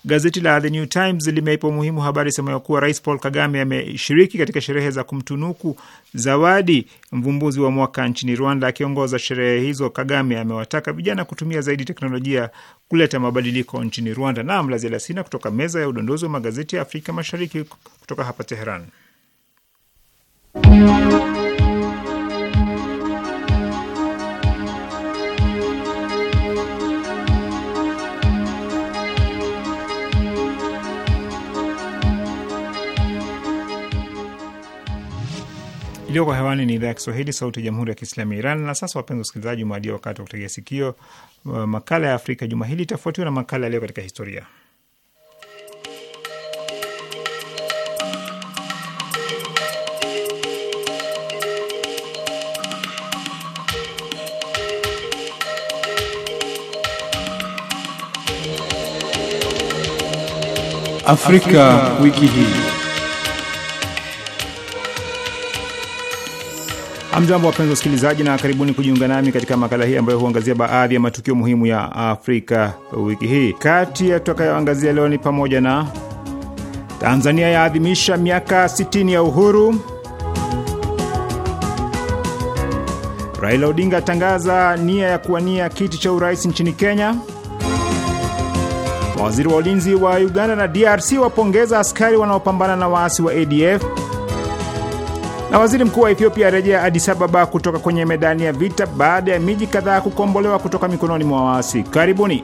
gazeti la The New Times limeipa umuhimu habari semayo kuwa Rais Paul Kagame ameshiriki katika sherehe za kumtunuku zawadi mvumbuzi wa mwaka nchini Rwanda. Akiongoza sherehe hizo, Kagame amewataka vijana kutumia zaidi teknolojia kuleta mabadiliko nchini Rwanda. Naam, la ziada sina kutoka meza ya udondozi wa magazeti ya Afrika Mashariki kutoka hapa Teheran. iliyoko hewani ni idhaa ya Kiswahili, sauti ya jamhuri ya kiislami ya Iran. Na sasa, wapenzi wasikilizaji, umewadia wakati wa kutegea sikio uh, makala ya Afrika juma hili, itafuatiwa na makala yaliyo katika historia. Afrika, Afrika wiki hii. amjambo wapenzi wasikilizaji, na karibuni kujiunga nami katika makala hii ambayo huangazia baadhi ya matukio muhimu ya Afrika wiki hii. Kati ya tutakayoangazia leo ni pamoja na Tanzania yaadhimisha miaka 60 ya uhuru, Raila Odinga atangaza nia ya kuwania kiti cha urais nchini Kenya, mawaziri wa ulinzi wa Uganda na DRC wapongeza askari wanaopambana na waasi wa ADF na waziri mkuu wa Ethiopia arejea Addis Ababa kutoka kwenye medani ya vita baada ya miji kadhaa kukombolewa kutoka mikononi mwa waasi. Karibuni.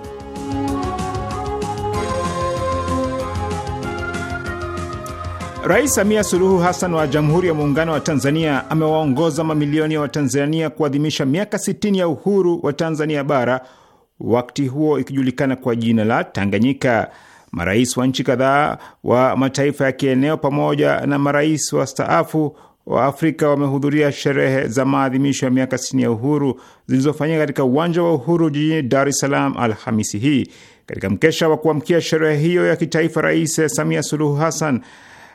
Rais Samia Suluhu Hassan wa Jamhuri ya Muungano wa Tanzania amewaongoza mamilioni ya wa Watanzania kuadhimisha miaka 60 ya uhuru wa Tanzania bara, wakati huo ikijulikana kwa jina la Tanganyika. Marais wa nchi kadhaa wa mataifa ya kieneo pamoja na marais wastaafu Waafrika wamehudhuria sherehe za maadhimisho ya miaka sitini ya uhuru zilizofanyika katika uwanja wa uhuru jijini Dar es Salaam Alhamisi hii. Katika mkesha wa kuamkia sherehe hiyo ya kitaifa, Rais Samia Suluhu Hassan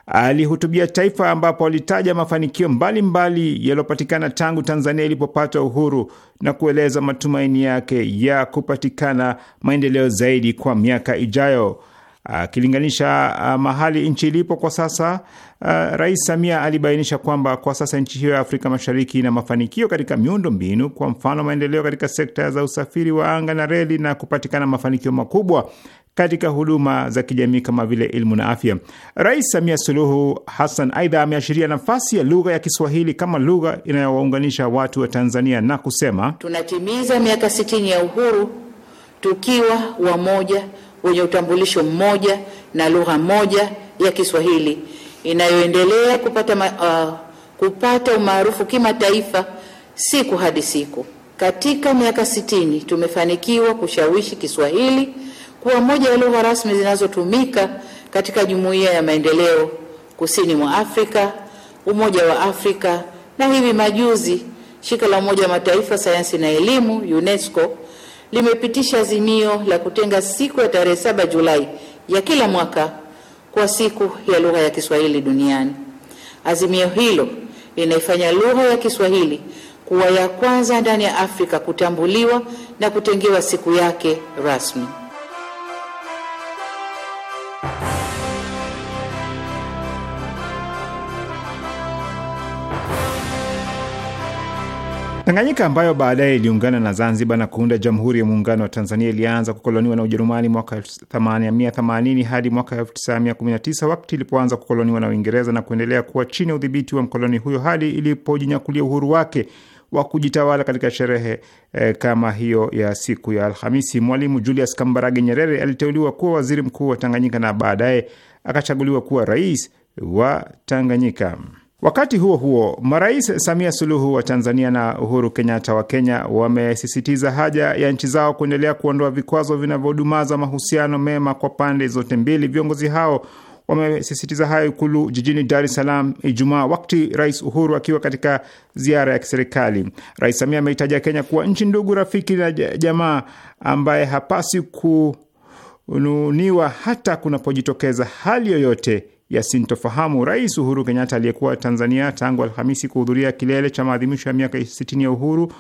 alihutubia taifa ambapo alitaja mafanikio mbalimbali yaliyopatikana tangu Tanzania ilipopata uhuru na kueleza matumaini yake ya kupatikana maendeleo zaidi kwa miaka ijayo. Akilinganisha ah, mahali nchi ilipo kwa sasa, ah, Rais Samia alibainisha kwamba kwa sasa nchi hiyo ya Afrika Mashariki ina mafanikio katika miundo mbinu, kwa mfano maendeleo katika sekta za usafiri wa anga na reli na kupatikana mafanikio makubwa katika huduma za kijamii kama vile elimu na afya. Rais Samia Suluhu Hassan aidha ameashiria nafasi ya lugha ya Kiswahili kama lugha inayowaunganisha watu wa Tanzania na kusema, tunatimiza miaka sitini ya uhuru tukiwa wamoja wenye utambulisho mmoja na lugha moja ya Kiswahili inayoendelea kupata, uh, kupata umaarufu kimataifa siku hadi siku. Katika miaka sitini tumefanikiwa kushawishi Kiswahili kuwa moja ya lugha rasmi zinazotumika katika Jumuiya ya Maendeleo Kusini mwa Afrika, Umoja wa Afrika na hivi majuzi shirika la Umoja wa Mataifa sayansi na elimu UNESCO limepitisha azimio la kutenga siku ya tarehe saba Julai ya kila mwaka kwa siku ya lugha ya Kiswahili duniani. Azimio hilo linaifanya lugha ya Kiswahili kuwa ya kwanza ndani ya Afrika kutambuliwa na kutengewa siku yake rasmi. Tanganyika ambayo baadaye iliungana na Zanzibar na kuunda Jamhuri ya Muungano wa Tanzania ilianza kukoloniwa na Ujerumani mwaka 1880 hadi mwaka 1919 wakati ilipoanza kukoloniwa na Uingereza na kuendelea kuwa chini ya udhibiti wa mkoloni huyo hadi ilipojinyakulia uhuru wake wa kujitawala katika sherehe eh, kama hiyo ya siku ya Alhamisi. Mwalimu Julius Kambarage Nyerere aliteuliwa kuwa waziri mkuu wa Tanganyika na baadaye akachaguliwa kuwa rais wa Tanganyika. Wakati huo huo, marais Samia Suluhu wa Tanzania na Uhuru Kenyatta wa Kenya wamesisitiza haja ya nchi zao kuendelea kuondoa vikwazo vinavyodumaza mahusiano mema kwa pande zote mbili. Viongozi hao wamesisitiza hayo Ikulu jijini Dar es Salaam Ijumaa, wakati Rais Uhuru akiwa katika ziara ya kiserikali. Rais Samia ameitaja Kenya kuwa nchi ndugu, rafiki na jamaa ambaye hapasi kununiwa hata kunapojitokeza hali yoyote ya sintofahamu. Rais Uhuru Kenyatta aliyekuwa Tanzania tangu Alhamisi kuhudhuria kilele cha maadhimisho ya miaka 60 ya uhuru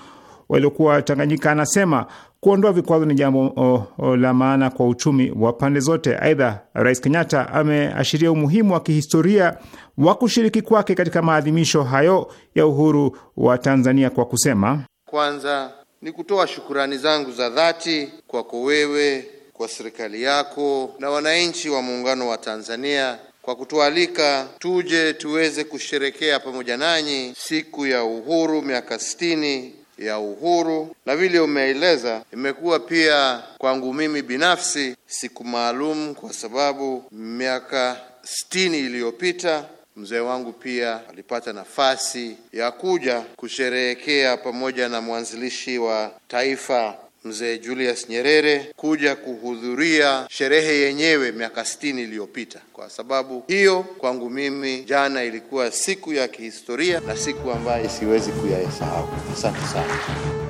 waliokuwa Tanganyika, anasema kuondoa vikwazo ni jambo oh, oh, la maana kwa uchumi wa pande zote. Aidha, Rais Kenyatta ameashiria umuhimu wa kihistoria wa kushiriki kwake katika maadhimisho hayo ya uhuru wa Tanzania kwa kusema, kwanza ni kutoa shukurani zangu za dhati kwako wewe, kwa serikali yako na wananchi wa muungano wa Tanzania kwa kutualika tuje tuweze kusherekea pamoja nanyi siku ya uhuru, miaka sitini ya uhuru. Na vile umeeleza, imekuwa pia kwangu mimi binafsi siku maalum, kwa sababu miaka sitini iliyopita mzee wangu pia alipata nafasi ya kuja kusherehekea pamoja na mwanzilishi wa taifa Mzee Julius Nyerere kuja kuhudhuria sherehe yenyewe miaka sitini iliyopita. Kwa sababu hiyo, kwangu mimi jana ilikuwa siku ya kihistoria na siku ambayo siwezi kuyasahau. Asante sana.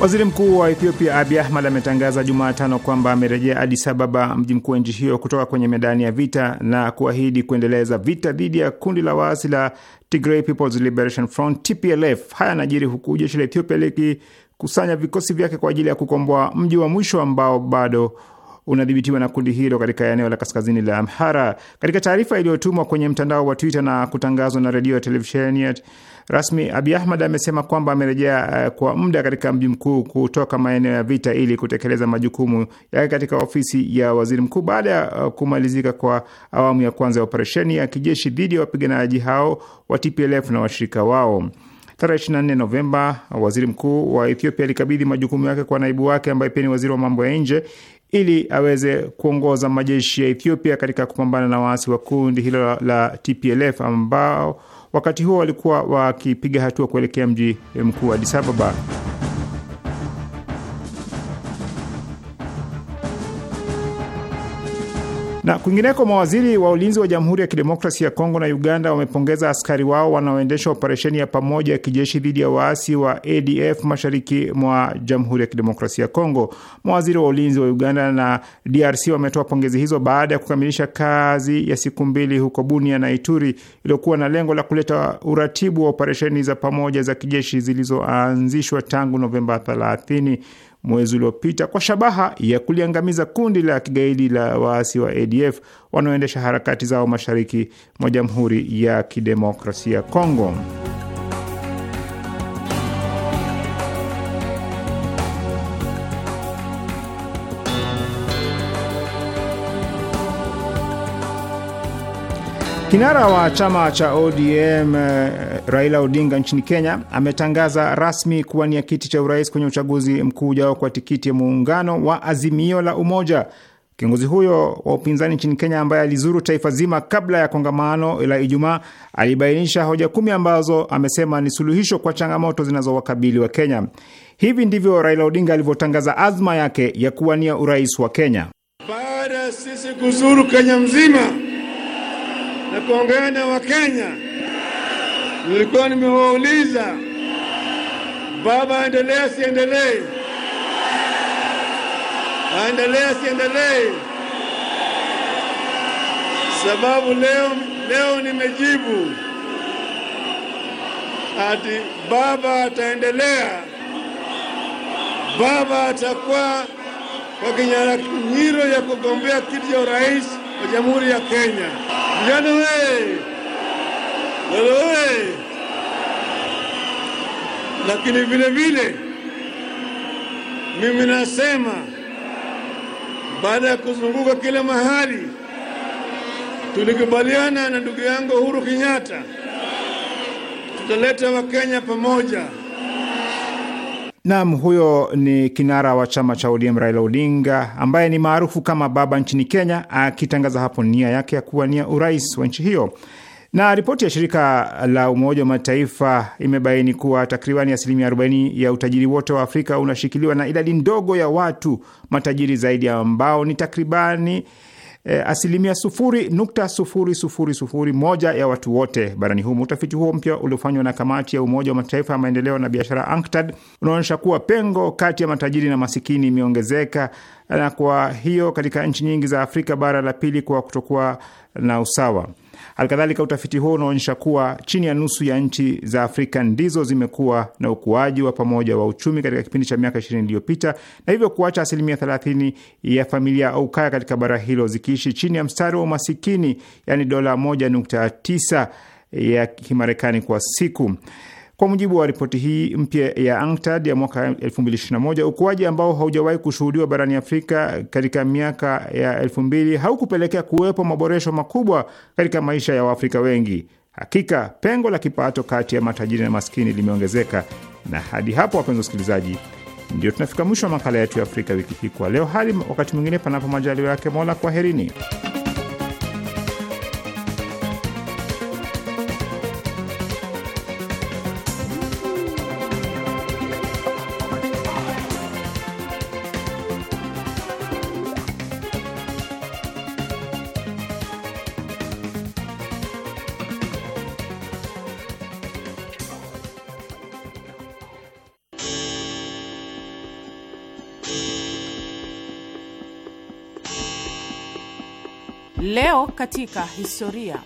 Waziri mkuu wa Ethiopia abi Ahmed ametangaza Jumatano kwamba amerejea Adis Ababa, mji mkuu wa nchi hiyo, kutoka kwenye medani ya vita na kuahidi kuendeleza vita dhidi ya kundi la waasi la Tigray People's Liberation Front TPLF. Haya yanajiri huku jeshi la Ethiopia likikusanya vikosi vyake kwa ajili ya kukomboa mji wa mwisho ambao bado unadhibitiwa na kundi hilo katika eneo la kaskazini la Amhara. Katika taarifa iliyotumwa kwenye mtandao wa Twitter na kutangazwa na redio ya televisheni rasmi, abi ahmad amesema kwamba amerejea uh, kwa muda katika mji mkuu kutoka maeneo ya vita ili kutekeleza majukumu yake katika ofisi ya waziri mkuu baada ya uh, kumalizika kwa awamu ya kwanza ya operesheni ya kijeshi dhidi ya wapiganaji hao wa TPLF na washirika wao. Tarehe 24 Novemba, waziri mkuu wa Ethiopia alikabidhi majukumu yake kwa naibu wake ambaye pia ni waziri wa mambo ya nje ili aweze kuongoza majeshi ya Ethiopia katika kupambana na waasi wa kundi hilo la TPLF ambao Wakati huo walikuwa wakipiga hatua kuelekea mji mkuu Addis Ababa. Na kwingineko, mawaziri wa ulinzi wa Jamhuri ya Kidemokrasia ya Kongo na Uganda wamepongeza askari wao wanaoendesha operesheni ya pamoja ya kijeshi dhidi ya waasi wa ADF mashariki mwa Jamhuri ya Kidemokrasia ya Kongo. Mawaziri wa ulinzi wa Uganda na DRC wametoa pongezi hizo baada ya kukamilisha kazi ya siku mbili huko Bunia na Ituri iliyokuwa na lengo la kuleta uratibu wa operesheni za pamoja za kijeshi zilizoanzishwa tangu Novemba 30 mwezi uliopita kwa shabaha ya kuliangamiza kundi la kigaidi la waasi wa ADF wanaoendesha harakati zao mashariki mwa Jamhuri ya Kidemokrasia Kongo. Kinara wa chama cha ODM eh, Raila Odinga nchini Kenya ametangaza rasmi kuwania kiti cha urais kwenye uchaguzi mkuu ujao kwa tikiti ya muungano wa Azimio la Umoja. Kiongozi huyo wa upinzani nchini Kenya ambaye alizuru taifa zima kabla ya kongamano la Ijumaa alibainisha hoja kumi ambazo amesema ni suluhisho kwa changamoto zinazowakabili wa Kenya. Hivi ndivyo Raila Odinga alivyotangaza azma yake ya kuwania urais wa Kenya baada ya sisi kuzuru Kenya mzima na kuongea na Wakenya. Nilikuwa nimewauliza baba aendelee asiendelee, aendelee asiendelee, sababu leo leo nimejibu ati baba ataendelea, baba atakuwa kwa kinyang'anyiro ya kugombea kiti cha urais wa jamhuri ya Kenya. Vijana Lakini vile vile mimi nasema baada ya kuzunguka kila mahali, tulikubaliana na ndugu yangu Uhuru Kenyatta tutaleta Wakenya pamoja. Naam, huyo ni kinara wa chama cha ODM Raila Odinga ambaye ni maarufu kama Baba nchini Kenya, akitangaza hapo nia yake ya kuwania urais wa nchi hiyo. Na ripoti ya shirika la Umoja wa Mataifa imebaini kuwa takribani asilimia 40 ya utajiri wote wa Afrika unashikiliwa na idadi ndogo ya watu matajiri zaidi ambao ni takribani eh, asilimia sufuri nukta sufuri sufuri sufuri moja ya watu wote barani humo. Utafiti huo mpya uliofanywa na kamati ya Umoja wa Mataifa ya maendeleo na biashara ANKTAD unaonyesha kuwa pengo kati ya matajiri na masikini imeongezeka, na kwa hiyo katika nchi nyingi za Afrika bara la pili kwa kutokuwa na usawa Halikadhalika, utafiti huo unaonyesha kuwa chini ya nusu ya nchi za Afrika ndizo zimekuwa na ukuaji wa pamoja wa uchumi katika kipindi cha miaka ishirini iliyopita na hivyo kuacha asilimia thelathini ya familia au kaya katika bara hilo zikiishi chini ya mstari wa umasikini, yaani dola moja nukta tisa ya Kimarekani kwa siku. Kwa mujibu wa ripoti hii mpya ya UNCTAD ya mwaka 2021, ukuaji ambao haujawahi kushuhudiwa barani Afrika katika miaka ya 2000 haukupelekea kuwepo maboresho makubwa katika maisha ya Waafrika wengi. Hakika pengo la kipato kati ya matajiri na maskini limeongezeka. Na hadi hapo, wapenzi wasikilizaji, ndio tunafika mwisho wa makala yetu ya Afrika wiki hii kwa leo. Hadi wakati mwingine, panapo majaliwa yake Mola, kwaherini. Leo katika historia.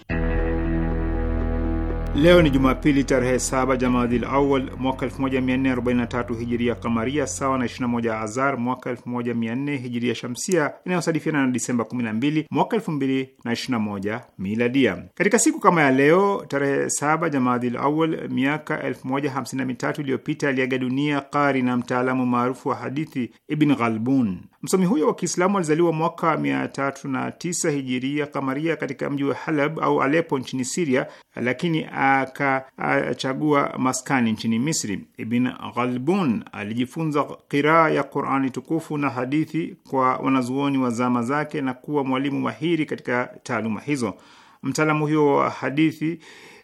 Leo ni Jumapili tarehe 7 jamaadil Awal mwaka 1443 hijiria kamaria, sawa na 21 Azar mwaka 1400 hijiria shamsia, inayosadifiana na Disemba 12 mwaka 2021 miladia. Katika siku kama ya leo tarehe 7 jamaadil Awal miaka 1053 iliyopita aliaga dunia qari na mtaalamu maarufu wa hadithi Ibn Ghalbun. Msomi huyo wa Kiislamu alizaliwa mwaka 309 hijiria kamaria katika mji wa Halab au Alepo nchini Siria, lakini akachagua maskani nchini Misri. Ibn Ghalbun alijifunza qiraa ya Qurani tukufu na hadithi kwa wanazuoni wa zama zake na kuwa mwalimu mahiri katika taaluma hizo. Mtaalamu huyo wa hadithi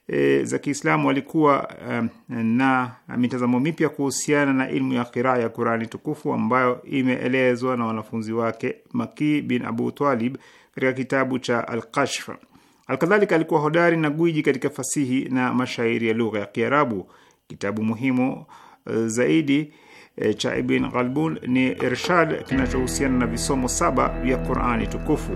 e, za Kiislamu walikuwa e, na mitazamo mipya kuhusiana na ilmu ya qiraa ya Qurani tukufu ambayo imeelezwa na wanafunzi wake Maki bin Abu Talib katika kitabu cha Alkashf. Alkadhalika alikuwa hodari na gwiji katika fasihi na mashairi ya lugha ya Kiarabu. Kitabu muhimu e, zaidi e, cha Ibn Ghalbun ni Irshad kinachohusiana na visomo saba vya Qurani tukufu.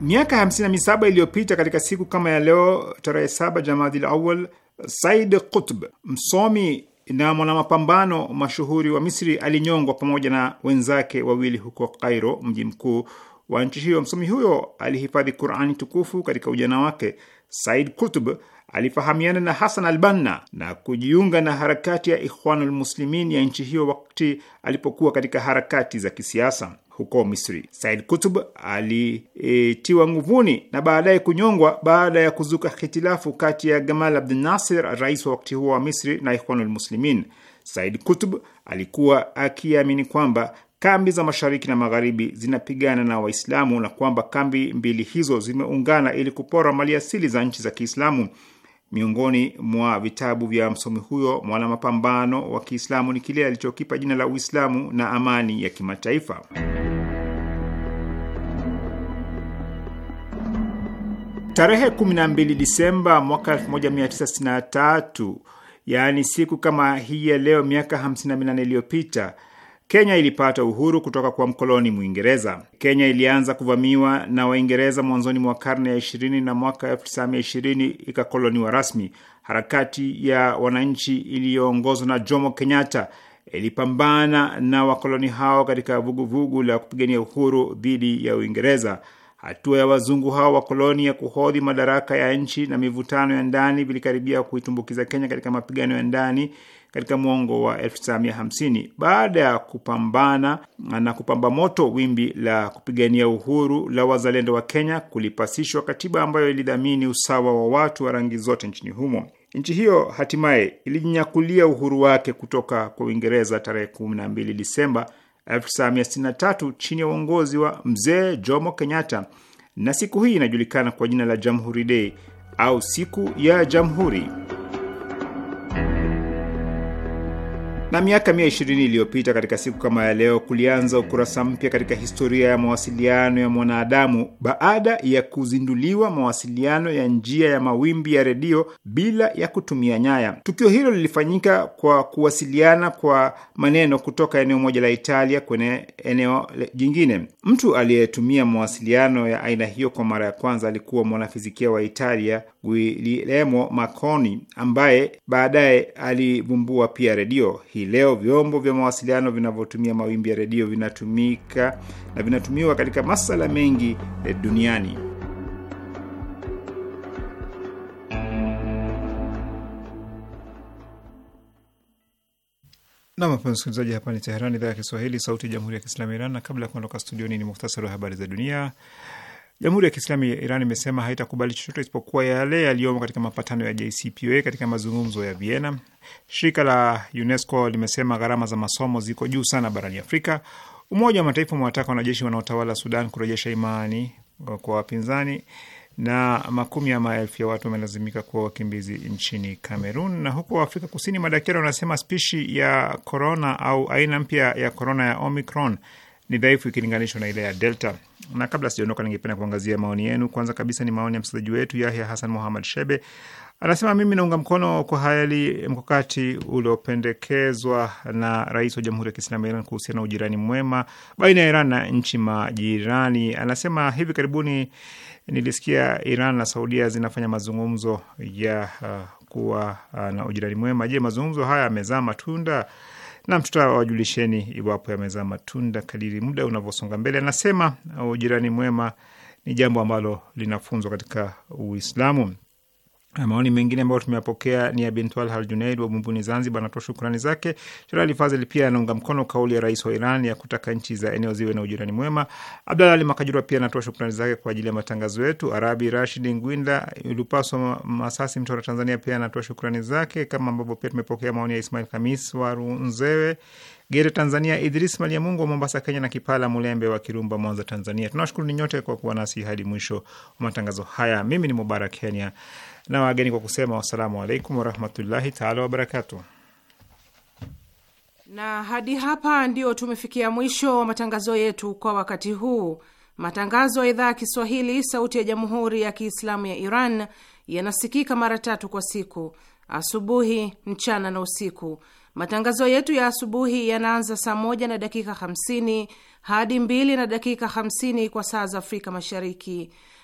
Miaka 57 iliyopita katika siku kama ya leo tarehe saba Jamadil Awal, Said Qutb, msomi na mwanamapambano mashuhuri wa Misri, alinyongwa pamoja na wenzake wawili huko Kairo, mji mkuu wa nchi hiyo. Msomi huyo alihifadhi Qurani tukufu katika ujana wake. Said Qutb alifahamiana na Hasan al-Banna na kujiunga na harakati ya Ikhwanul Muslimin ya nchi hiyo wakati alipokuwa katika harakati za kisiasa huko Misri. Said Kutub alitiwa e, nguvuni na baadaye kunyongwa baada ya kuzuka hitilafu kati ya Gamal Abdel Nasser, rais wa wakati huo wa Misri, na Ikhwanul Muslimin. Said Kutub alikuwa akiamini kwamba kambi za mashariki na magharibi zinapigana na Waislamu na kwamba kambi mbili hizo zimeungana ili kupora mali asili za nchi za Kiislamu. Miongoni mwa vitabu vya msomi huyo mwana mapambano wa Kiislamu ni kile alichokipa jina la Uislamu na Amani ya Kimataifa. Tarehe 12 Disemba mwaka 1963, yaani siku kama hii ya leo miaka 58 iliyopita Kenya ilipata uhuru kutoka kwa mkoloni Mwingereza. Kenya ilianza kuvamiwa na Waingereza mwanzoni mwa karne ya ishirini na mwaka elfu tisa mia ishirini ikakoloniwa rasmi. Harakati ya wananchi iliyoongozwa na Jomo Kenyatta ilipambana na wakoloni hao katika vuguvugu la kupigania uhuru dhidi ya Uingereza. Hatua ya wazungu hao wakoloni ya kuhodhi madaraka ya nchi na mivutano ya ndani vilikaribia kuitumbukiza Kenya katika mapigano ya ndani katika mwongo wa 1950 baada ya kupambana na kupamba moto wimbi la kupigania uhuru la wazalendo wa Kenya, kulipasishwa katiba ambayo ilidhamini usawa wa watu wa rangi zote nchini humo. Nchi hiyo hatimaye ilijinyakulia uhuru wake kutoka kwa Uingereza tarehe 12 Disemba 1963 chini ya uongozi wa Mzee Jomo Kenyatta, na siku hii inajulikana kwa jina la Jamhuri Day au siku ya Jamhuri. Na miaka mia ishirini iliyopita katika siku kama ya leo kulianza ukurasa mpya katika historia ya mawasiliano ya mwanadamu baada ya kuzinduliwa mawasiliano ya njia ya mawimbi ya redio bila ya kutumia nyaya. Tukio hilo lilifanyika kwa kuwasiliana kwa maneno kutoka eneo moja la Italia kwenye eneo jingine. Mtu aliyetumia mawasiliano ya aina hiyo kwa mara ya kwanza alikuwa mwanafizikia wa Italia Guglielmo Marconi ambaye baadaye alivumbua pia redio hii leo vyombo vya mawasiliano vinavyotumia mawimbi ya redio vinatumika na vinatumiwa katika masala mengi eh, duniani. Nam, msikilizaji, hapa ni Teheran, idhaa ya Kiswahili, sauti ya jamhuri ya kiislamu ya Iran. Na kabla ya kuondoka studioni, ni muhtasari wa habari za dunia. Jamhuri ya Kiislamu ya Iran imesema haitakubali chochote isipokuwa yale yaliyomo katika mapatano ya JCPOA katika mazungumzo ya Vienna. Shirika la UNESCO limesema gharama za masomo ziko juu sana barani Afrika. Umoja wa Mataifa umewataka wanajeshi wanaotawala Sudan kurejesha imani uh, kwa wapinzani, na makumi ya maelfu ya watu wamelazimika kuwa wakimbizi nchini Kamerun. Na huko Afrika Kusini, madaktari wanasema spishi ya korona au aina mpya ya korona ya Omicron ni dhaifu ikilinganishwa na ile ya Delta. Na kabla sijaondoka, ningependa kuangazia maoni yenu. Kwanza kabisa ni maoni ya msikilizaji wetu Yahya Hasan Muhamad Shebe Anasema mimi naunga mkono kwa hayali mkakati uliopendekezwa na rais wa Jamhuri ya Kiislamu ya Iran kuhusiana na ujirani mwema baina ya Iran na nchi majirani. Anasema hivi karibuni nilisikia Iran na Saudia zinafanya mazungumzo ya uh, kuwa uh, na ujirani mwema. Je, mazungumzo haya yamezaa matunda? Nam, tutawajulisheni iwapo yamezaa matunda kadiri muda unavyosonga mbele. Anasema ujirani mwema ni jambo ambalo linafunzwa katika Uislamu. Maoni mengine ambayo tumeyapokea ni ya Bintwal Hal Junaid wa Bumbuni, Zanzibar, anatoa shukrani zake. Sherali Fazil pia anaunga mkono kauli ya rais wa Iran ya kutaka nchi za eneo ziwe na ujirani mwema. Abdalla Ali Makajura pia anatoa shukrani zake kwa ajili ya matangazo yetu. Arabi Rashid Ngwinda Lupaso, Masasi, Mtoro, Tanzania, pia anatoa shukrani zake, kama ambavyo pia tumepokea maoni ya Ismail Kamis wa Runzewe Gere, Tanzania, Idris Maliamungu wa Mombasa, Kenya, na Kipala Mulembe wa Kirumba, Mwanza, Tanzania. Tunawashukuru ni nyote kwa kuwa nasi hadi mwisho wa matangazo haya. Mimi ni Mubarak Kenya na wageni kwa kusema wassalamu alaikum warahmatullahi taala wabarakatu. Na hadi hapa ndio tumefikia mwisho wa matangazo yetu kwa wakati huu. Matangazo ya idhaa ya Kiswahili sauti ya jamhuri ya Kiislamu ya Iran yanasikika mara tatu kwa siku: asubuhi, mchana na usiku. Matangazo yetu ya asubuhi yanaanza saa moja na dakika hamsini hadi mbili na dakika hamsini kwa saa za Afrika Mashariki.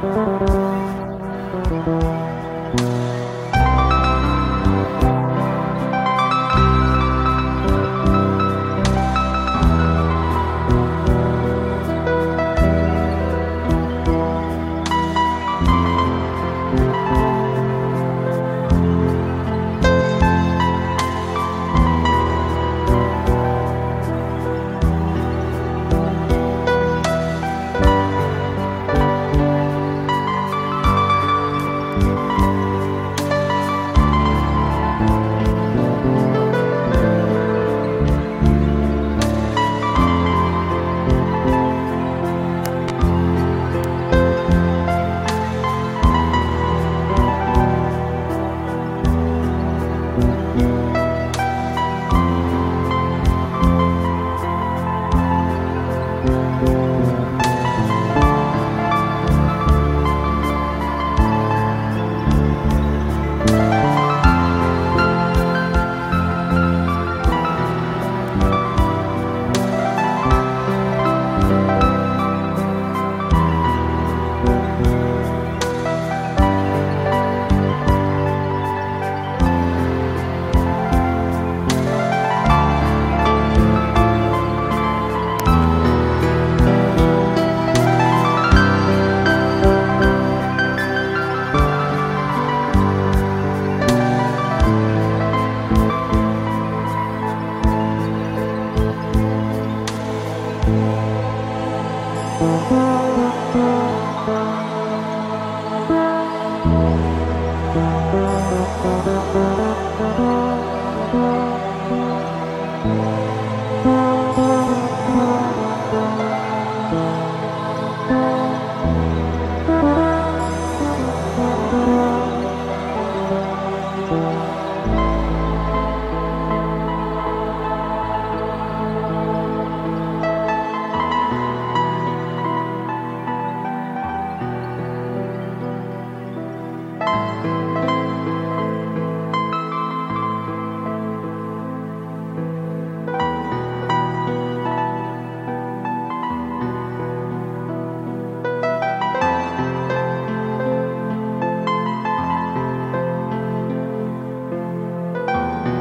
Thank you.